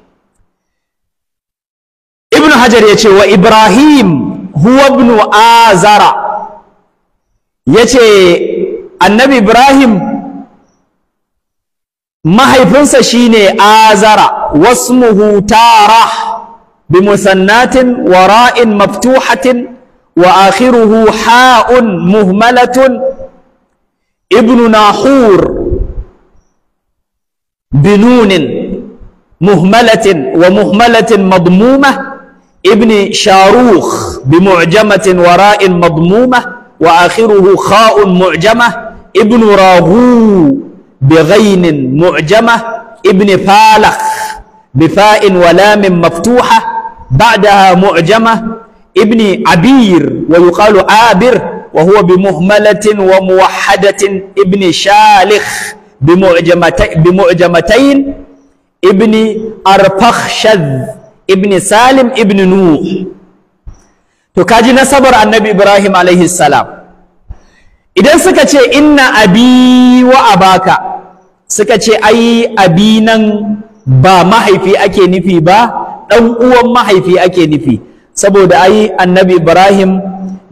ibnu hajar ya ce wa ibrahim huwa ibnu azara ya ce annabi ibrahim mahaifinsa shine azara wasmuhu tara bi musannatin wara'in maftuhatin وآخره حاء مهملة ابن ناحور بنون مهملة ومهملة مضمومة ابن شاروخ بمعجمة وراء مضمومة وآخره خاء معجمة ابن راهو بغين معجمة ابن فالخ بفاء ولام مفتوحة بعدها معجمة ibni abir wa yuqalu abir wa huwa bi muhmalatin wa muwahhadatin ibni shalikh bi mu'jamatayn ibni arfakhshadh ibni salim ibni nuh to kaji nasabar annabi ibrahim alaihi salam idan suka ce inna abi wa abaka suka ce ai abi nan ba mahaifi ake nufi ba ɗan uwan mahaifi ake nufi saboda ai annabi ibrahim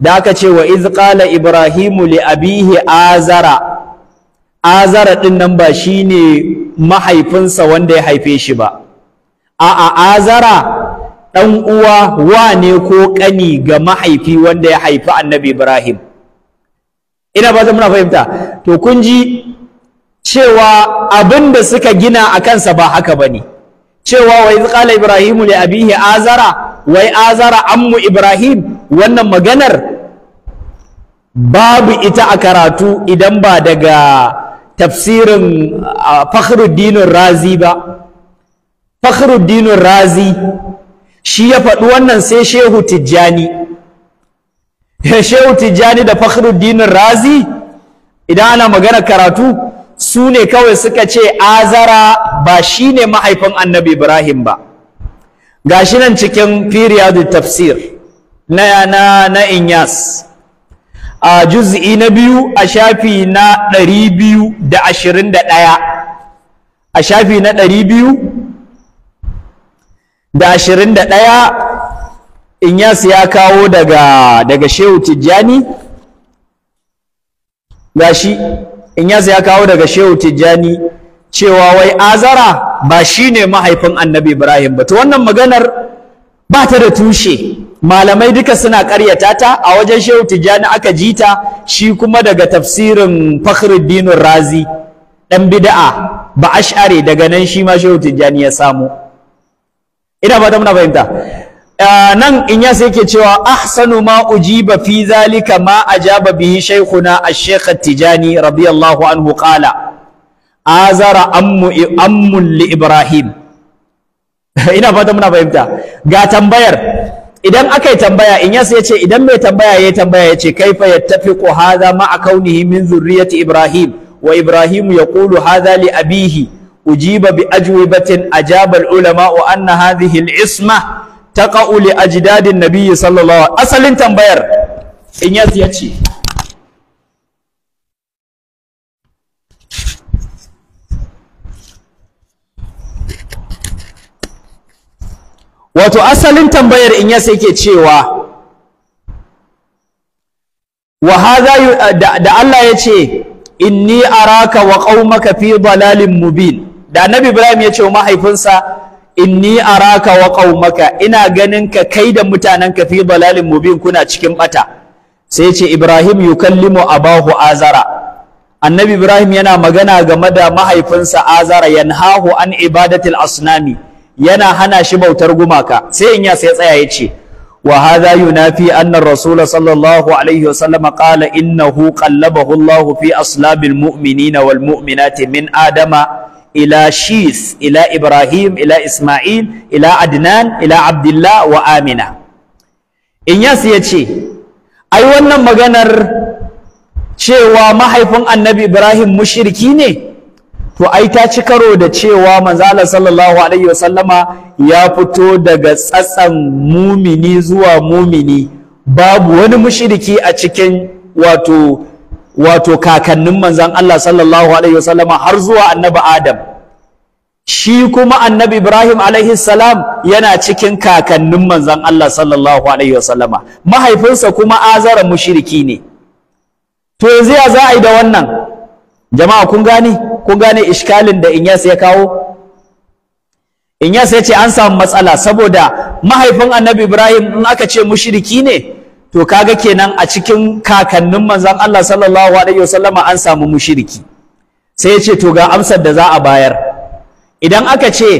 da aka ce wa iz qala ibrahimu li abihi azara azara din nan ba shine mahaifinsa wanda ya haife shi ba a'a azara ɗan uwa wane ko kani ga mahaifi wanda ya haifi annabi ibrahim ina ba muna fahimta to kun ji cewa abinda suka gina a kansa ba haka bane cewa wa iz qala ibrahimu li abihi azara wai azara ammu ibrahim wannan maganar babu ita a karatu idan ba daga tafsirin fakhruddinin razi ba fakhruddinin razi shi ya faɗi wannan sai shehu tijjani (laughs) shehu tijjani da fakhruddinin razi idan ana magana karatu su ne kawai suka ce azara ba shine mahaifin annabi ibrahim ba ga shi nan cikin firiyadu tafsir na yana na inyas a juz'i na biyu a shafi na ɗari biyu da ashirin da ɗaya a shafi na ɗari biyu da ashirin da ɗaya inyas ya kawo daga daga shehu tijjani ga shi inyas ya kawo daga shehu tijjani cewa wai azara ba shi ne mahaifin annabi Ibrahim ba to wannan maganar ba ta da tushe malamai duka suna karyata ta a wajen Shehu Tijjani aka ji ta shi kuma daga tafsirin Fakhruddin Razi dan bid'a ba ash'ari daga nan shi ma Shehu Tijjani ya samu ina ba ta muna fahimta nan in yasa yake cewa ahsanu ma ujiba fi zalika ma ajaba bihi shaykhuna ash-shaykh tijani radiyallahu anhu qala azara ammu li ibrahim (laughs) ina fata muna fahimta ga tambayar idan aka yi tambaya in yasa ya ce idan mai tambaya ya tambaya ya ce kaifa yattafiqu ma a kaunihi min zurriyati ibrahim wa ibrahim ya yaqulu haza li abihi ujiba bi ajwibatin ajabal ulama wa anna hadhihi al-isma taqa'u li ajdadin nabiyyi sallallahu alaihi wasallam asalin tambayar in yasa ya ce wato asalin tambayar in yasa yake cewa wa hadha da Allah ya ce inni araka wa qaumaka fi dalalin mubin da annabi Ibrahim ya ce wa mahaifinsa inni araka wa qaumaka ina ganin ka kai da mutanenka fi dalalin mubin kuna cikin bata sai ya Ibrahim yukallimu abahu azara annabi ibrahim yana magana game da mahaifinsa azara yanhahu an ibadatil asnami yana hana shi bautar gumaka sai in ya sai tsaya ya ce wa hadha yunafi anna rasul sallallahu alaihi wasallam qala innahu qallabahu Allah fi aslabil mu'minina wal mu'minati min adama ila shis ila ibrahim ila isma'il ila adnan ila abdullah wa amina in ya sai ya ce ai wannan maganar cewa mahaifin annabi ibrahim mushriki ne to ai ta ci karo da cewa manzala sallallahu alaihi wasallama ya fito daga tsatsan mumini zuwa mumini babu wani mushiriki a cikin wato wato kakannin manzan Allah sallallahu alaihi wasallama har zuwa annabi Adam shi kuma annabi Ibrahim alaihi salam yana cikin kakannin manzan Allah sallallahu alaihi wasallama mahaifinsa kuma azara mushiriki ne to yanzu ya za a yi da wannan jama'a kun gane kun gane iskalin da inyas ya kawo inyas ya ce an samu matsala saboda mahaifin annabi ibrahim in aka ce mushriki ne to kaga kenan a cikin kakannin manzon Allah sallallahu alaihi wasallama an samu mushriki sai ya ce to ga amsar da za a bayar idan aka ce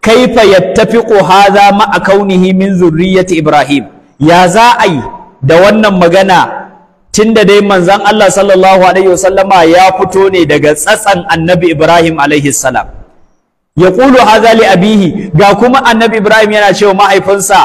kaifa yattafiqu hadha ma'a kaunihi min zurriyyati ibrahim ya za a yi da wannan magana tunda dai manzan Allah sallallahu alaihi wasallama ya fito ne daga tsatsan annabi Ibrahim alaihi salam ya kulu haza li abihi ga kuma annabi Ibrahim yana cewa mahaifinsa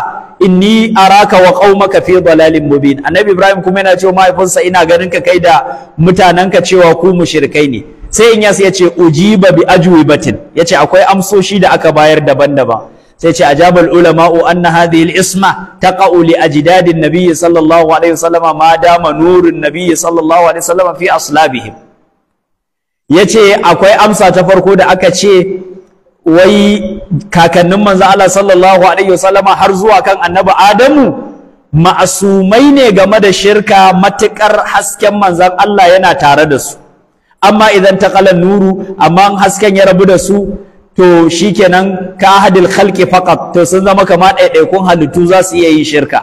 inni araka wa qaumaka fi dalalin mubin annabi Ibrahim kuma yana cewa mahaifinsa ina ganin ka kai da mutanenka cewa ku mushrikai ne sai in ya ce ujiba bi ajwibatin yace akwai amsoshi da aka bayar daban-daban sai ce ajabal ulama'u anna hadhihi al-isma taqa'u li ajdadin nabiyyi sallallahu alaihi wasallama ma dama nurin nabiyyi sallallahu alaihi wasallama fi aslabihim yace akwai amsa ta farko da aka ce wai kakannin manzo Allah sallallahu alaihi wasallama har zuwa kan annabi Adamu ma'asumai ne game da shirka matuƙar hasken manzan Allah yana tare da su amma idan ta kala nuru amma hasken ya rabu da su to shikenan ka hadil khalqi faqat to sun zama kama ɗaiɗaikun halittu za su iya yin shirka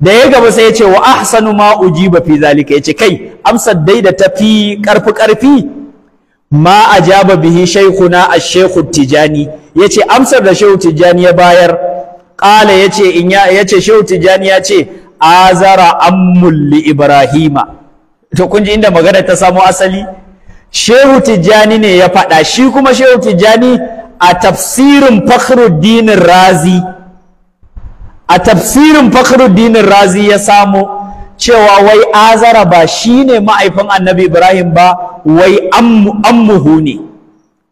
da ya gaba sai ya ce wa ahsanu ma ujiba fi zalika ya ce kai amsar dai da tafi karfi karfi ma ajaba bihi shaykhuna ash-shaykhu tijani ce amsar da shehu tijani ya bayar qala ce in ya ce shehu tijani ya ce azara ammul li ibrahima to kun ji inda magana ta samo asali shehu tijani ne ya faɗa shi kuma shehu tijani a tafsirin fakhruddinin razi a tafsirin fakhruddinin razi ya samo cewa wai azara ba shine ma'aifin annabi ibrahim ba wai ammuhu ne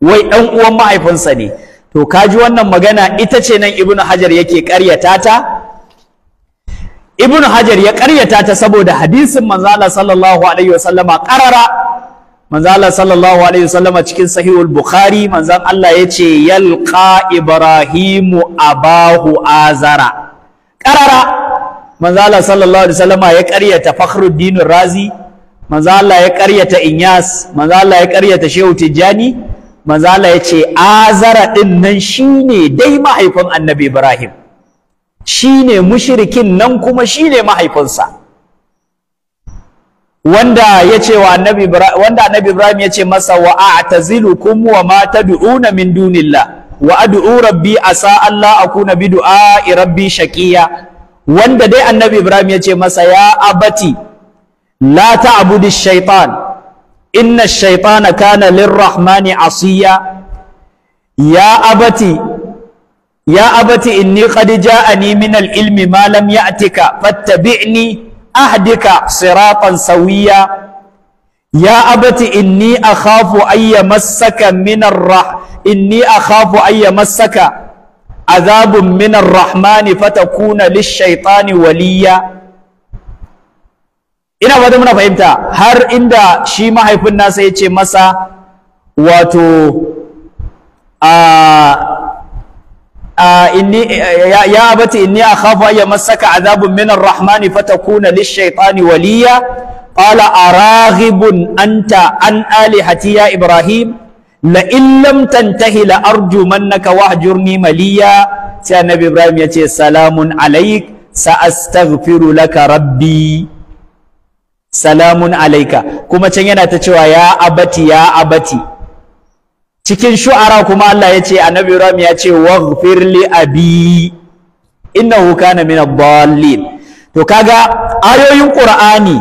wai ɗan uwan ma'aifinsa ne to kaji wannan magana ita ce nan ibnu hajar yake ƙaryata ta ibnu hajar ya ƙaryata ta saboda hadisin manzala sallallahu alaihi wasallama ƙarara manzo Allah sallallahu alaihi wasallam cikin sahihul bukhari manzon Allah yace yalqa ibrahimu abahu azara qarara manzo Allah sallallahu alaihi wasallam ya ƙaryata fakhruddin razi manzo Allah ya ƙaryata inyas manzo Allah ya ƙaryata shehu tijani manzo Allah yace azara din nan shine dai mahaifin annabi ibrahim shine mushrikin nan kuma shine mahaifinsa wanda ya ce wa annabi Ibrahim wanda annabi Ibrahim ya ce masa wa a'tazilukum wa ma tad'una min dunillah wa ad'u rabbi asa Allah akuna bi du'a'i rabbi shaqiya wanda dai annabi Ibrahim ya ce masa ya abati la ta'budu shaytan inna shaytana kana lirrahmani asiya ya abati ya abati inni qad ja'ani min al-ilmi ma lam ya'tika fattabi'ni ahdika siratan sawiya ya abati inni akhafu ayya masaka minar rah inni akhafu ayya masaka azabun minar rahmani fatakuna lishaitani waliya ina fata muna fahimta har inda shi mahaifin nasa ya ce masa wato a inni ya abati inni akhafu ay masaka azabun min ar-rahman fatakuna lish-shaytani waliya qala araghibun anta an alihati ya ibrahim la in lam tantahi la arjumannaka wahjurni maliya sai annabi ibrahim yace salamun alayk sa'astaghfiru laka rabbi salamun alayka kuma can yana ta cewa ya abati ya abati cikin shu'ara kuma Allah ya ce annabi Ibrahim ya ce waghfir li abi innahu kana min ad-dallin to kaga ayoyin Qur'ani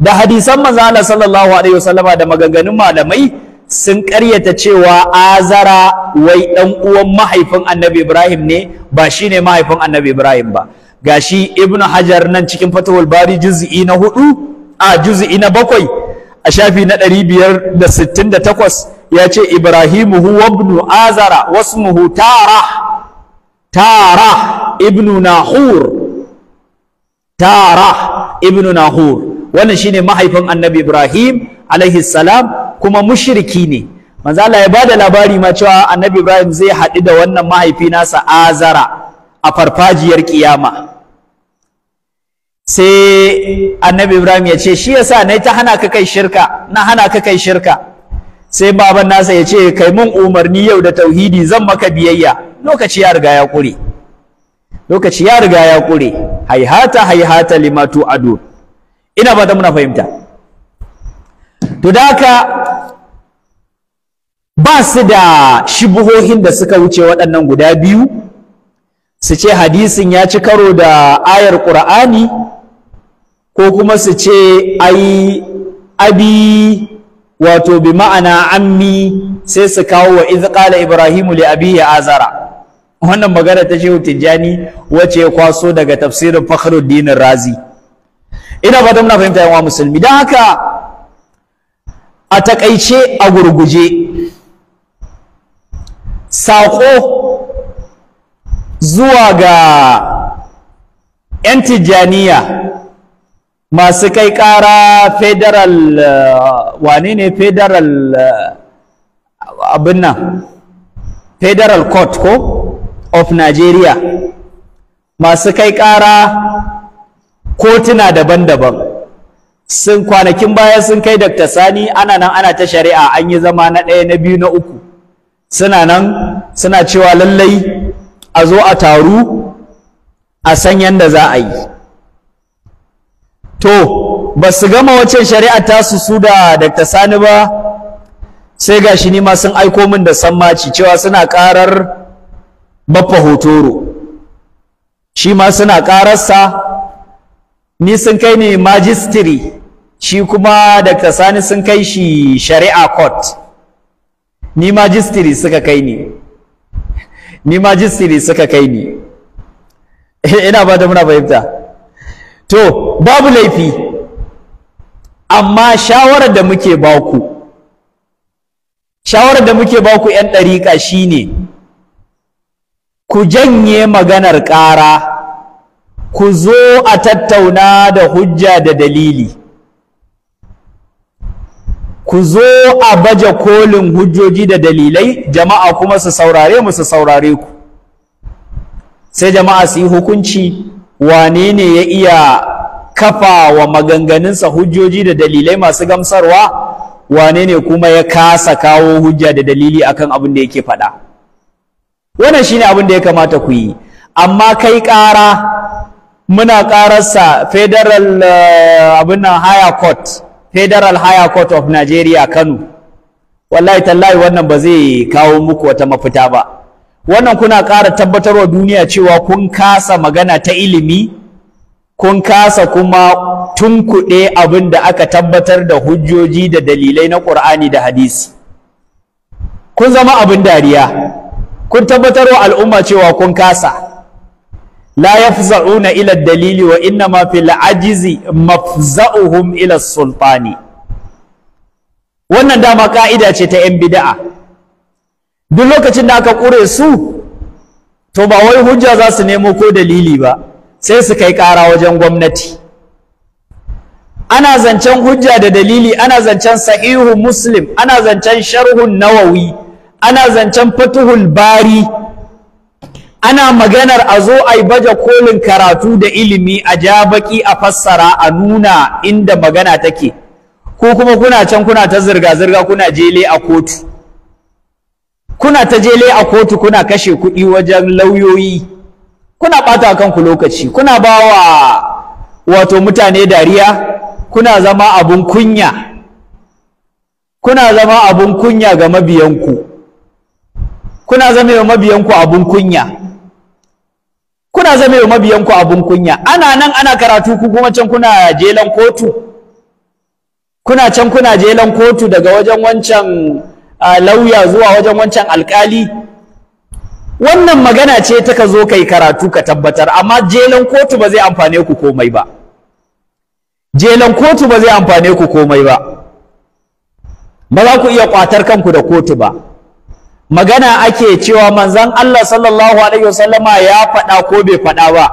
da hadisan manzo Allah sallallahu alaihi wasallama da maganganun malamai sun karyata cewa azara wai dan uwan mahaifin annabi Ibrahim ne ba shine mahaifin annabi Ibrahim ba Ga shi Ibn hajar nan cikin fatawul bari juz'i na hudu a juz'i na bakwai a shafi na ɗari ya ce ibrahimu huwa ibnu azara wasmuhu tara tara ibnu nahur tara ibnu nahur wannan shine mahaifin annabi ibrahim alaihi salam kuma mushriki ne manzo Allah ya bada labari ma cewa annabi ibrahim zai haɗu da wannan mahaifi nasa azara a farfajiyar kiyama sai annabi ibrahim ya ce shi yasa na ta hana ka kai shirka na hana ka kai shirka sai baban nasa ya ce kai mun umarni yau da tauhidi zan maka biyayya lokaci ya riga ya kure. lokaci ya riga ya kure, haihata haihata limatu adu ina ba da muna fahimta to da haka ba su da shibuhohin da suka wuce waɗannan guda biyu su ce hadisin ya ci karo da ayar ƙur'ani ko kuma su ce ai abi wato bi ma'ana ammi sai su kawo wa iz qala ibrahimu li abihi azara wannan magana ta shehu tijjani wace ya kwaso daga tafsirin fakhruddin razi ina fata muna fahimta yan musulmi dan haka a takaice a gurguje saƙo zuwa ga 'yan tijjaniya masu kai ƙara federal uh, wane ne federal uh, abin nan federal court ko of nigeria masu kai ƙara kotuna daban-daban sun kwanakin baya sun kai dr sani ana nan ana ta shari'a an yi zama na ɗaya na biyu na uku suna nan suna cewa lallai a zo a taru a san yadda za a yi to ba su gama wacce shari'a ta su su da Dr. Sani ba sai ga ni ma sun aiko min da sammaci cewa suna karar baffa hotoro shi ma suna kararsa ni sun kai ne majistiri shi kuma Dr. Sani sun kai shi shari'a court ni majistiri suka kai ni ni majistiri suka kai ni (laughs) ina ba da muna fahimta to babu laifi amma shawarar da muke baku shawarar da muke baku 'yan ɗariƙa shine ku janye maganar ƙara ku zo a tattauna da hujja da dalili ku zo a baje kolin hujjoji da dalilai jama'a kuma su saurare mu su saurare ku sai jama'a su yi hukunci wane ne ya iya kafa wa maganganunsa hujjoji da dalilai masu gamsarwa wane ne kuma ya kasa kawo hujja da dalili akan abin da yake faɗa wannan shine abin da ya kamata ku yi amma kai ƙara muna ƙararsa federal eh, abin nan higher court federal higher court of nigeria kano wallahi tallahi wannan ba zai kawo muku wata mafita ba wannan kuna ƙara tabbatarwa duniya cewa kun kasa magana ta ilimi kun kasa kuma tunkuɗe abin da aka tabbatar da hujjoji da dalilai na ƙur'ani da hadisi kun zama abin dariya kun tabbatar wa al'umma cewa kun kasa la yafza'una ila dalili wa inna ma fi ajizi mafza'uhum ila sultani wannan dama ka'ida ce ta 'yan bida'a duk lokacin da aka ƙure su to ba wai hujja za su nemo ko dalili ba sai su kai ƙara wajen gwamnati ana zancen hujja da dalili ana zancen sahihu muslim ana zancen sharhun nawawi ana zancen fatuhul bari ana maganar a zo a yi baje kolin karatu da ilimi a ja baki a fassara a nuna inda magana take ko kuma kuna can kuna ta zirga-zirga kuna jele a kotu kuna ta jele a kotu kuna kashe kuɗi wajen lauyoyi kuna ɓata kanku lokaci kuna ba wa wato mutane dariya kuna zama abun kunya kuna zama abun kunya ga mabiyanku kuna zama wa mabiyanku abun kunya kuna zama wa mabiyanku abun kunya ana nan ana karatu ku kuma can kuna jelan kotu kuna can kuna jelan kotu daga wajen wancan lauya zuwa wajen wancan alkali wannan magana ce ta ka zo ka yi karatu ka tabbatar amma jelan kotu ba zai amfane ku komai ba jelan kotu ba zai amfane ku komai ba ba za ku iya kwatar kanku da kotu ba magana ake cewa manzan Allah sallallahu alaihi wasallama ya faɗa ko bai faɗa ba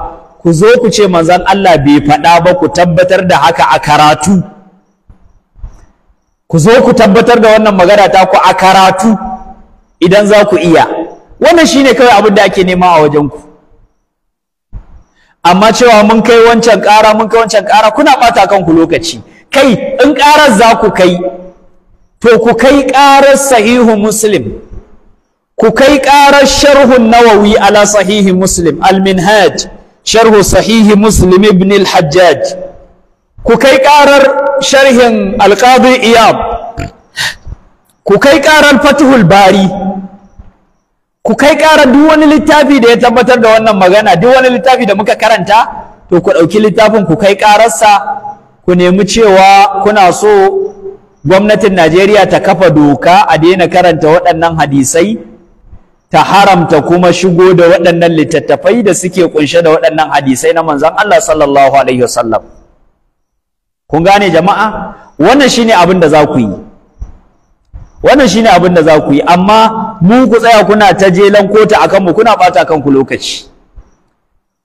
ku zo ku ce manzan Allah bai faɗa ba ku tabbatar da haka a karatu ku zo ku tabbatar da wannan magana ta ku a karatu idan za ku iya wannan shine kawai abin da ake nema a wajen ku amma cewa mun kai wancan ƙara mun kai wancan ƙara kuna ɓata kanku lokaci kai in ƙarar za ku kai to ku kai ƙarar sahihu muslim ku kai ƙarar sharhun nawawi ala sahihi muslim al-minhaj sharhu sahihi muslim ibn al-hajjaj ku kai ƙarar sharhin al-qadi iyab ku kai ƙarar fathul bari ku kai ƙara duk wani littafi da ya tabbatar da wannan magana duk wani littafi da muka karanta to ku ɗauki littafin ku kai ƙararsa ku nemi cewa kuna so gwamnatin Najeriya ta kafa doka a daina karanta waɗannan hadisai ta haramta kuma shigo da waɗannan littattafai da suke kunshe da waɗannan hadisai na manzon Allah sallallahu alaihi wasallam kun gane jama'a wannan shine abin da za ku yi wannan shine abin da za ku yi amma mu ku tsaya kuna ta jelan kota akan mu kuna bata kanku lokaci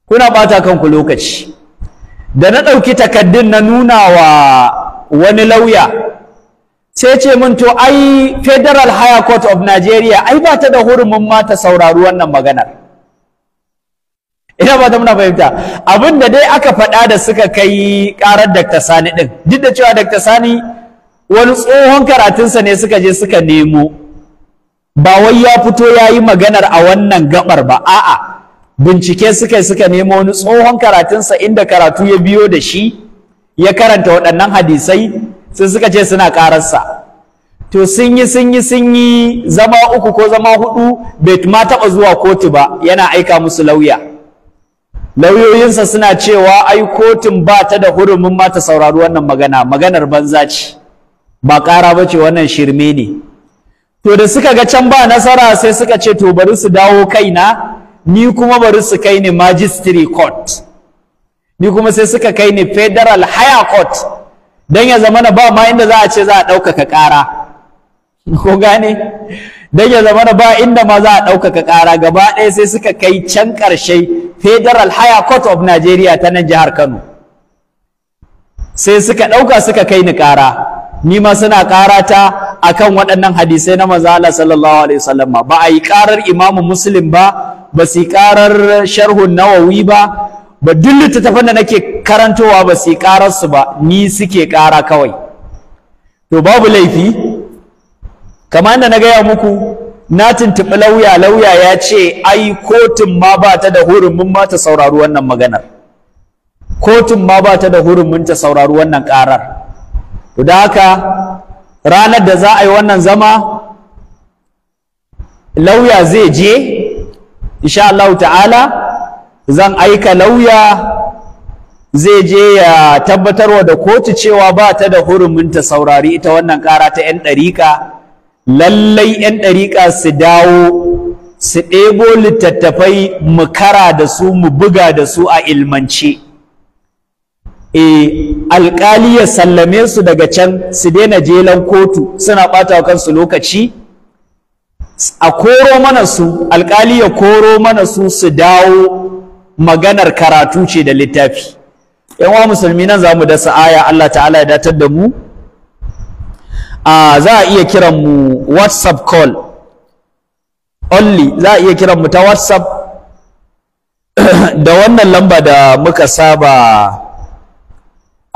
kuna bata ku lokaci da na ɗauki takaddun na nuna wa wani lauya sai ce min to ai federal higher court of nigeria ai ba ta da hurumin ma ta saurari wannan maganar ina ba ta muna fahimta abin da dai aka faɗa da suka kai ƙarar dr sani ɗin duk da cewa dr sani wani tsohon karatunsa ne suka je suka nemo ba wai ya fito ya yi maganar a wannan gabar ba a'a bincike suka suka nemo wani tsohon karatunsa inda karatu ya biyo da shi ya karanta waɗannan hadisai sai suka ce suna ƙararsa to sun yi sun yi sun yi zama uku ko zama hudu bai ma taɓa zuwa kotu ba yana aika musu lauya lauyoyinsa suna cewa ai kotun ba ta da hurumin mata ta saurari wannan magana maganar banza ce ba ƙara ba ce wannan shirme ne to da suka ga can ba nasara sai suka ce to bari su dawo kaina ni kuma bari su kai ni magistrate court ni kuma sai suka kai ni federal higher court don ya zama na ba ma inda za a ce za a ɗaukaka ƙara (laughs) ko gane don ya zama na ba inda ma za a ɗaukaka ƙara gaba ɗaya sai suka kai can ƙarshe federal higher court of nigeria ta nan jihar kano sai suka ɗauka suka kai ni ƙara ni ma suna karata akan waɗannan hadisai na manzo Allah sallallahu alaihi wasallam ba a yi karar Imam Muslim ba ba su yi karar sharhun Nawawi ba ba duk littattafan da nake karantowa ba su yi karar su ba ni suke kara kawai to babu laifi kamar da na gaya muku na tuntuɓi lauya lauya ya ce ai kotun ma ba ta da hurumin ma ta saurari wannan maganar kotun ma ba ta da hurumin ta saurari wannan ƙarar to haka ranar da za a yi wannan zama lauya zai je insha Allah ta'ala zan aika lauya zai je ya tabbatarwa da kotu cewa ba ta da hurumin ta saurari ita wannan ƙara ta 'yan ɗariƙa lallai 'yan ɗariƙa su dawo su ɗebo littattafai mu kara da su mu buga da su a ilmance e alƙali ya sallame su daga can su daina jelan kotu suna ɓata wa kansu lokaci a koro mana su alƙali ya koro mana su su dawo maganar karatu ce da littafi yan wa musulmi nan za mu da sa'aya Allah ta'ala ya datar da mu a za a iya kiran mu whatsapp call only za a iya kiran mu ta whatsapp (coughs) da wannan lamba da muka saba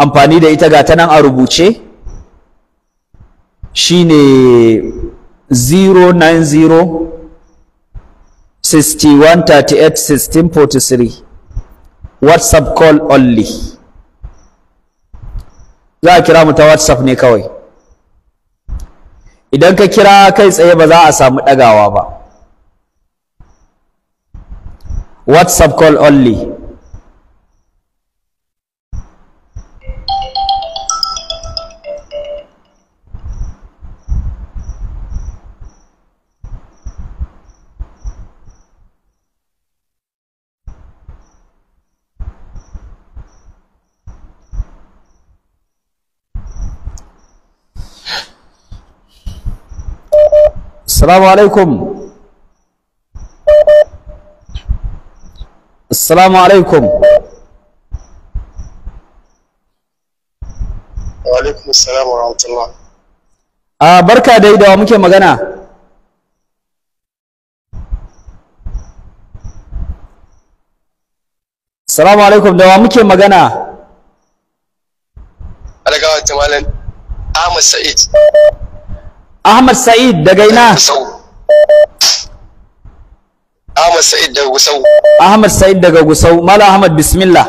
amfani da ita ga ta nan a rubuce shi ne 090 61 38 16 43 whatsapp call only za a kira mu ta whatsapp ne kawai idan ka kira kai tsaye ba za a samu ɗagawa ba whatsapp call only Assalamu alaikum. Assalamu alaikum.
Wa alaikum assalam wa rahmatullah.
Barka dai da muke magana. Assalamu alaikum da wa muke magana.
Alaikawa Jamalin Ahmad Sa'id.
Ahmad Sa'id daga ina? Ahmad Sa'id daga Gusau. Ahmad Sa'id daga Gusau. Mala Ahmad bismillah.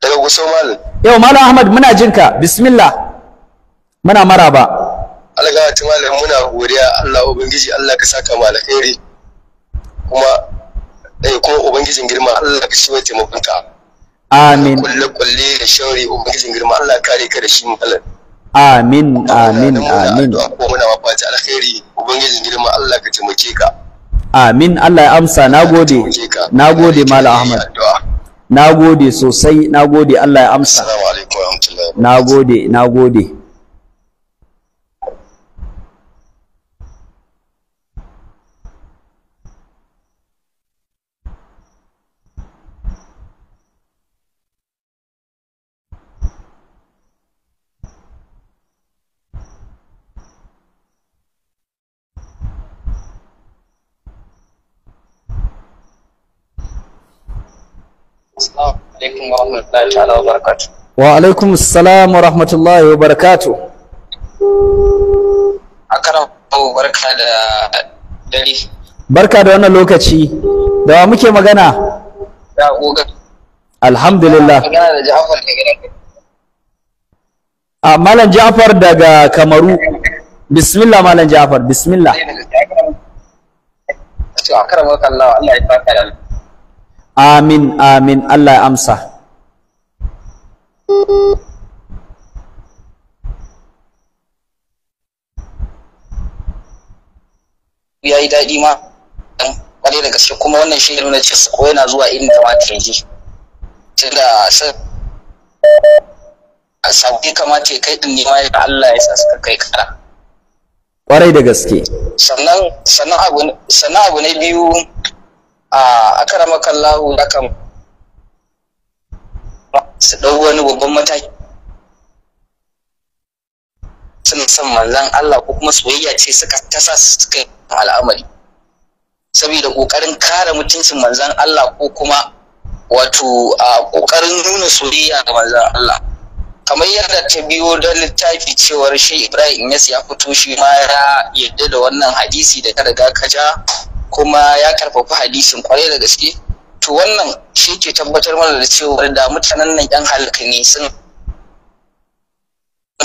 Daga Gusau mal. Yau Mala Ahmad muna jinka bismillah. Muna maraba.
Alga ta malam muna godiya Allah ubangiji Allah ka saka mu alkhairi. Kuma eh kuma ubangijin girma Allah ka shi wa taimakonka. amin kulle kulle da
amin amin amin amin Allah ya amsa nagode nagode malam Ahmad nagode sosai nagode Allah ya amsa assalamu alaikum wa rahmatullahi nagode nagode
wa
Wa alaikum assalam wa rahmatullahi wa barka da wannan lokaci. Da wa muke magana? Alhamdulillah.
daga
A ah, Malam Ja'far daga Kamaru. Bismillah Malam Ja'far, bismillah. amin amin Allah ya amsa
ya yi daɗi ma ƙwarai da gaske kuma wannan shi nuna ce ko yana zuwa irin kamata ya je tunda a sauƙi kamata ya kai ɗin nema ya Allah ya sa suka kai kara
ƙwarai da gaske
sannan abu ne biyu a akaramakan da kan su ɗau wani babban mataki suna son manzan Allah ko kuma soyayya ce suka tasa suka al'amari saboda ƙoƙarin kare mutuncin manzan Allah ko kuma wato a ƙoƙarin nuna soyayya ga manzan Allah kamar yadda ta biyo da littafi cewar shi Ibrahim Yas ya fito shi ma ya yadda da wannan hadisi da ka riga ka ja kuma ya karfafa hadisin kwarai da gaske to wannan shi ke tabbatar mana da cewa da mutanen nan yan halka ne sun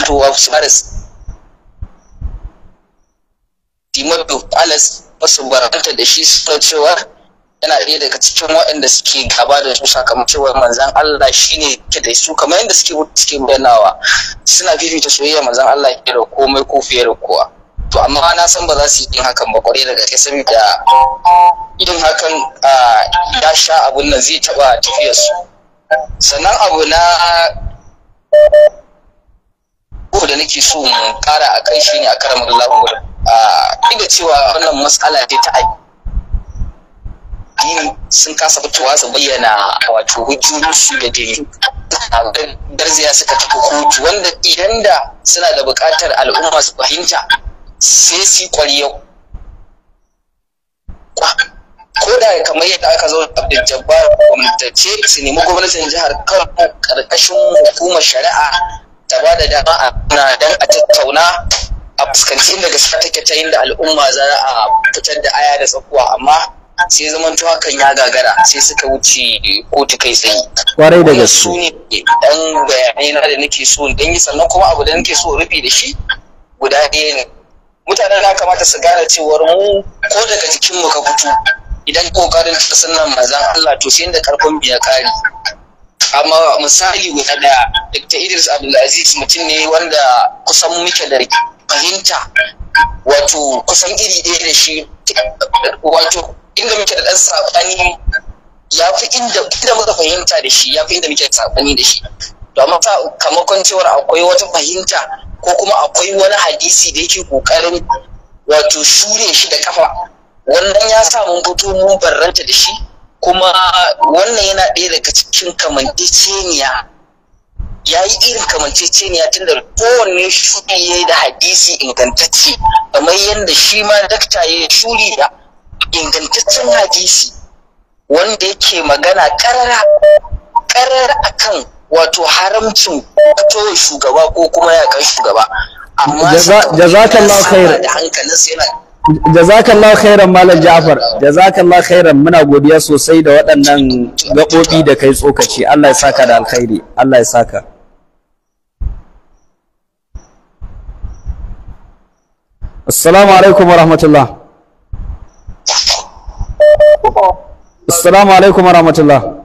towa su fara dimadu alas basu baranta da shi suna cewa yana ɗaya daga cikin waɗanda suke gaba da su sakamakon cewa manzan Allah shine ke da su kamar yadda suke suke bayanawa suna fifita soyayya manzan Allah ke da komai ko fiye da kowa to amma na san ba za su yi hakan ba kwarai daga gaske saboda yin hakan ya sha abun nan zai taba tafiyar su sannan abu na ko da nake so mu kara a kai ne a karamar lahu a inda cewa wannan matsala ta ta addini sun kasa fitowa su bayyana wato su da dai garziya suka tafi kotu wanda idan da suna da buƙatar al'umma su fahimta sai su kwari yau ko da kamar yadda aka zo da jabbar gwamnatace su nemi gwamnatin jihar kano karkashin hukumar shari'a ta ba da dama a na dan a tattauna a fuskanci inda gaskiya take ta yin da al'umma za a fitar da aya da tsakuwa amma sai zaman to hakan ya gagara sai suka wuce kotu kai tsaye
kwarai da gaske su ne dan bayanai na da nake so dan yi sannan kuma abu da nake so rufe da shi guda ɗaya ne
Mutane na kamata su gane cewar mu ko daga jikin mu ka fito idan kokarin ta sunnan manzon Allah to sai da karfin biya kari amma misali guda da Dr. Idris Abdulaziz mutum ne wanda kusan muke da fahimta wato kusan iri ɗaya da shi wato inda muke da ɗan saɓani ya fi inda inda muka fahimta da shi ya fi inda muke saɓani da shi To amma kamakon cewar akwai wata fahimta ko kuma akwai wani hadisi da yake kokarin wato shure shi da kafa wannan ya sa mun fito mun barranta da shi kuma wannan yana ɗaya daga cikin kamanceceniya ya yi irin kamanceceniya tun da kowanne shuri ya yi da hadisi ingantacce kamar yadda shi ma dakta ya shuri da ingantaccen hadisi wanda yake magana karara a akan wato haramcin wato shugaba ko kuma yakan shugaba
amma jazakallahu khairan da
hankalinsa yana
jazakallahu khairan malam Ja'far jazakallahu khairan muna godiya sosai da waɗannan gaɓoɓi da kai tsokaci Allah ya saka da alkhairi Allah ya saka Assalamu alaikum wa rahmatullah Assalamu alaikum wa rahmatullah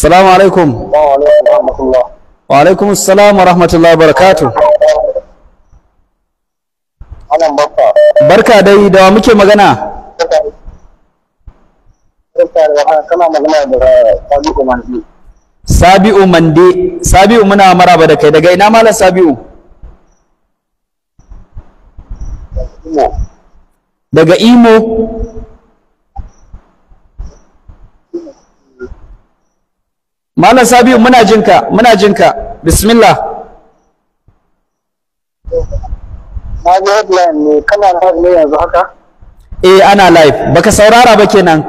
السلام عليكم وعليكم السلام ورحمة الله وبركاته barka dai da muke magana sabi'u mande sabi'u muna maraba da kai daga ina malam sabi'u daga imo malam sabiu muna jinka muna jinka bismillah
na ji headline ne kana live ne yanzu haka
eh ana live baka saurara ba kenan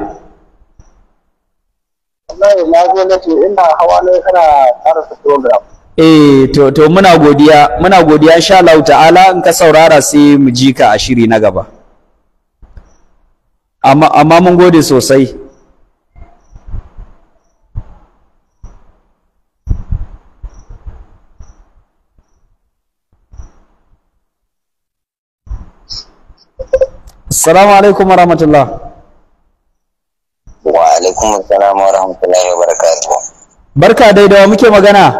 wallahi na zo na ce ina hawa ne kana karasa program
eh to to muna godiya muna godiya insha Allah ta'ala in ka saurara sai mu ji ka a shiri na gaba amma amma mun gode sosai Assalamu alaikum wa rahmatullah.
Wa alaikum assalam wa rahmatullahi
wa barakatuh. Barka dai da muke magana.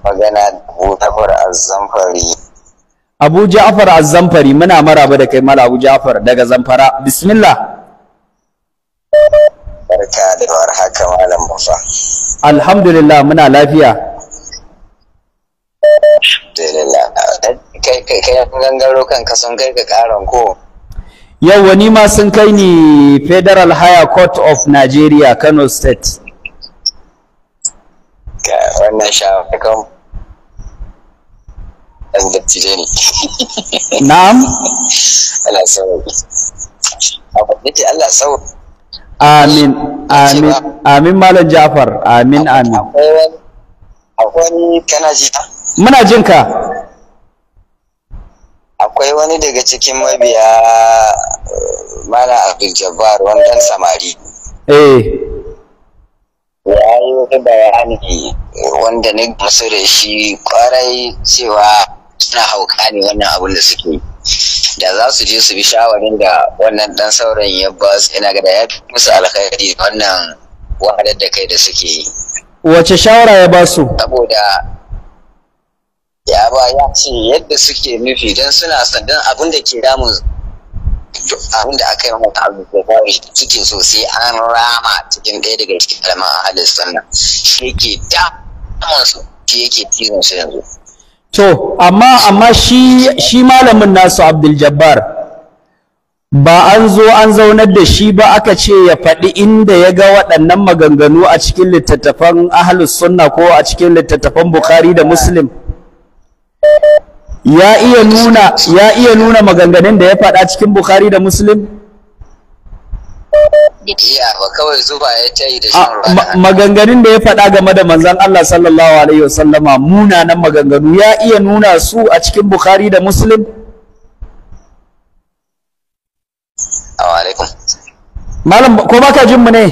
Magana Abu Ja'far Az-Zamfari.
Abu Ja'far Az-Zamfari muna maraba da kai mala Abu Ja'far daga Zamfara. Bismillah.
Barka da warhaka malam Musa.
Alhamdulillah muna lafiya.
kai kai kan ka sun kai ka karan ko
yau wani ma sun kai ni federal higher court of nigeria kano state
wannan kan an dattije ne na'am ala sauri Allah sauri
amin amin amin malam jafar amin amin
akwai wani kana jita
muna jinka
akwai wani daga cikin mabiya uh, mana abdul jabbar wandan samari eh ya yi wata bayani eh, wanda na gamsu da shi kwarai cewa suna hauka ne wannan abin da suke da za su je su bi shawarin da wannan dan sauran ya ba su ina ga da ya fi musu alkhairi wannan wahalar da kai da suke yi
wace shawara ya ba su
saboda ya ba ya ce yadda suke nufi don suna sandan abin da ke damun abin da aka yi wa mata abu da bari cikin sosai an rama cikin ɗaya daga cikin kalmar halin sannan shi yake damun su shi
yake cizon su yanzu. to amma amma shi malamin nasu abdul jabbar ba an zo an zaunar da shi ba aka ce ya faɗi inda ya ga waɗannan maganganu a cikin littattafan ahalus sunna ko a cikin littattafan bukhari da muslim ya iya nuna ya iya nuna maganganun da ya faɗa cikin Bukhari da Muslim maganganun da ya faɗa game da manzan Allah sallallahu alaihi wasallama munanan maganganu ya iya nuna su a cikin Bukhari da Muslim Malam ko baka jin mu ne?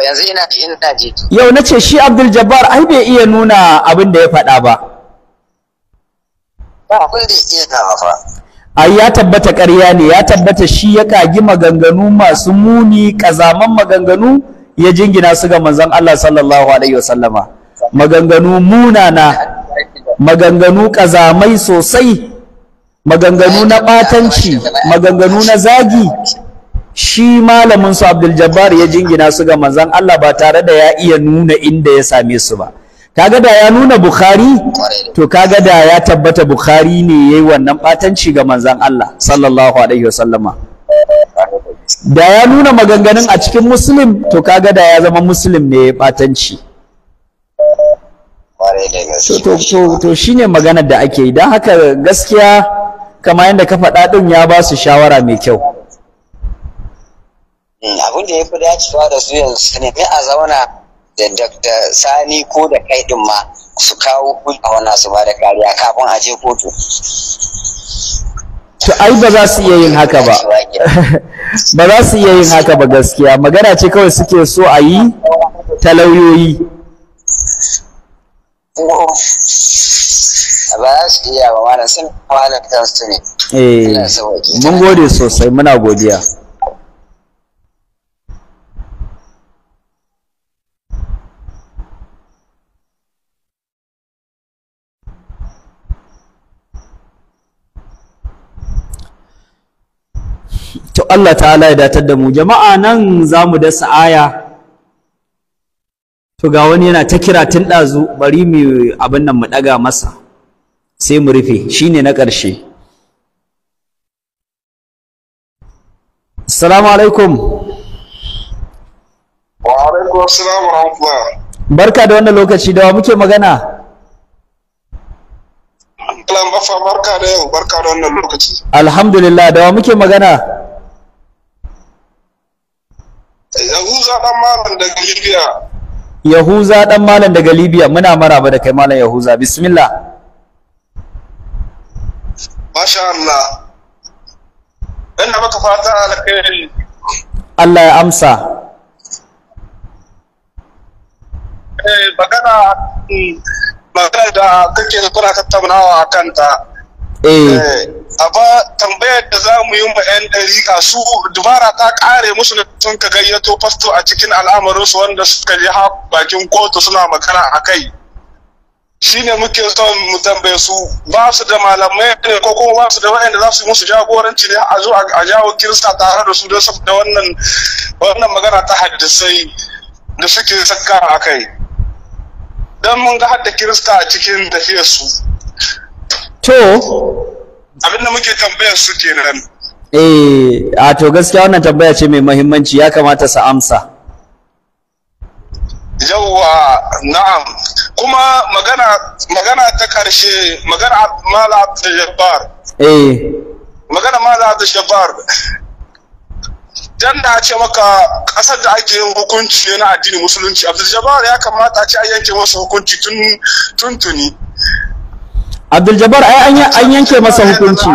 yawa yanzu ina ji ina ji
yau nace shi Abdul Jabbar ai bai iya nuna abin da ya faɗa ba ba ku da iya fa ai ya tabbata ƙarya ne ya tabbata shi ya kagi maganganu masu muni kazaman maganganu ya jingina su ga manzon Allah sallallahu alaihi wasallama maganganu munana maganganu kazamai sosai maganganu na ɓatanci maganganu na zagi shi malamin su Abdul Jabbar ya jingina su ga manzon Allah ba tare da ya iya nuna inda ya same su ba kaga da ya nuna Bukhari to kaga da ya tabbata Bukhari ne yayi wannan batanci ga manzon Allah sallallahu alaihi wasallama da ya nuna maganganun a cikin Muslim to kaga da ya zama Muslim ne batanci to to to shine maganar da ake yi dan haka gaskiya kama yadda ka faɗa ɗin ya ba su shawara mai kyau
Mm, abin da ya fi dacewa da su yanzu su nemi a zauna da Dr. Sani ko da kai din ma su kawo hujja wannan su ba da kariya kafin a je kotu.
To ai ba za su iya yin haka ba. (laughs) Ba za su iya yin haka ba gaskiya. Magana ce kawai suke so a yi lauyoyi.
ba za su iya ba malam sun malam kansu ne.
Eh, mun gode sosai muna godiya. Allah ta'ala ya datar da mu jama'a nan za mu dasa aya to ga wani yana ta kira tun ɗazu bari mu abin nan mu ɗaga masa sai mu rufe shine na ƙarshe assalamu alaikum
wa alaikum assalamu rahmatullah
barka da wannan lokaci da muke magana
barka da yau barka da wannan lokaci
alhamdulillah dawa muke magana
yahuza dan malam daga libya
yahuza dan malam daga libya muna maraba da kai malam yahuza bismillah
masha Allah ina maka fata alkhairi
Allah ya amsa
eh magana mm, magana da kake kuna tattaunawa a kanta Eh. Eh, a ba tambayar da za mu yi ma 'yan a su dubara ta ƙare musu da sun ka gayyato fasto a cikin al'amarinsu wanda suka je bakin kotu suna magana a kai Shi ne muke son mu tambaye su ba su da malamai ne ko kuma ba su da waɗanda za su yi musu jagoranci ne a zo a jawo kirista tare da su don wannan wannan magana ta haddisai da suke saka a kai don mun ga hadda kirista a cikin tafiyar su to abinda muke tambayar su kenan
eh a to gaskiya wannan tambaya ce mai muhimmanci ya kamata su amsa
yawwa na'am kuma magana magana ta karshe magana mala abdul jabbar eh magana mala abdul jabbar dan da ce maka kasar da ake yin hukunci na addinin musulunci abdul jabbar ya kamata a ce a yanke masa hukunci tun tuntuni
Abdul Jabbar ai an yanke masa hukunci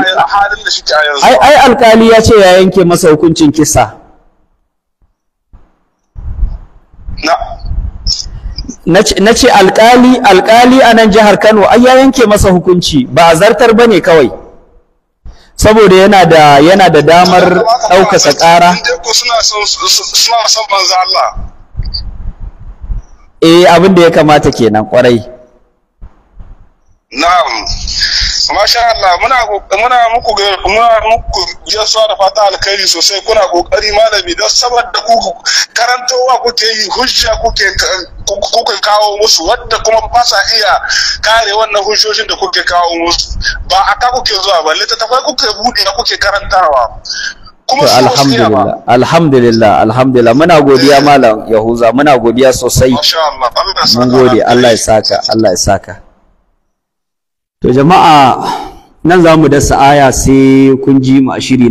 ai ai alkali
ya ce ya yanke masa hukuncin kisa na ce alkali alkali a nan jihar Kano ai ya yanke masa hukunci ba a zartar bane kawai saboda yana da yana da damar ɗaukaka ƙara eh abin da ya kamata kenan kwarai
Na'am. Masha Allah muna muna muku muna muku gaisuwa da fata alkhairi sosai kuna kokari malami don saboda ku karantowa kuke yi hujja kuke kuka kawo musu wadda kuma ba sa iya kare wannan hujjojin da kuke kawo musu ba a ka kuke zuwa ba littattafai kuke bude kuke karantawa.
kuma to alhamdulillah alhamdulillah alhamdulillah muna godiya eh. malam yahuza muna godiya sosai mun gode Allah ya saka Allah ya saka to jama'a nan za mu dasa aya sai kun ji mu a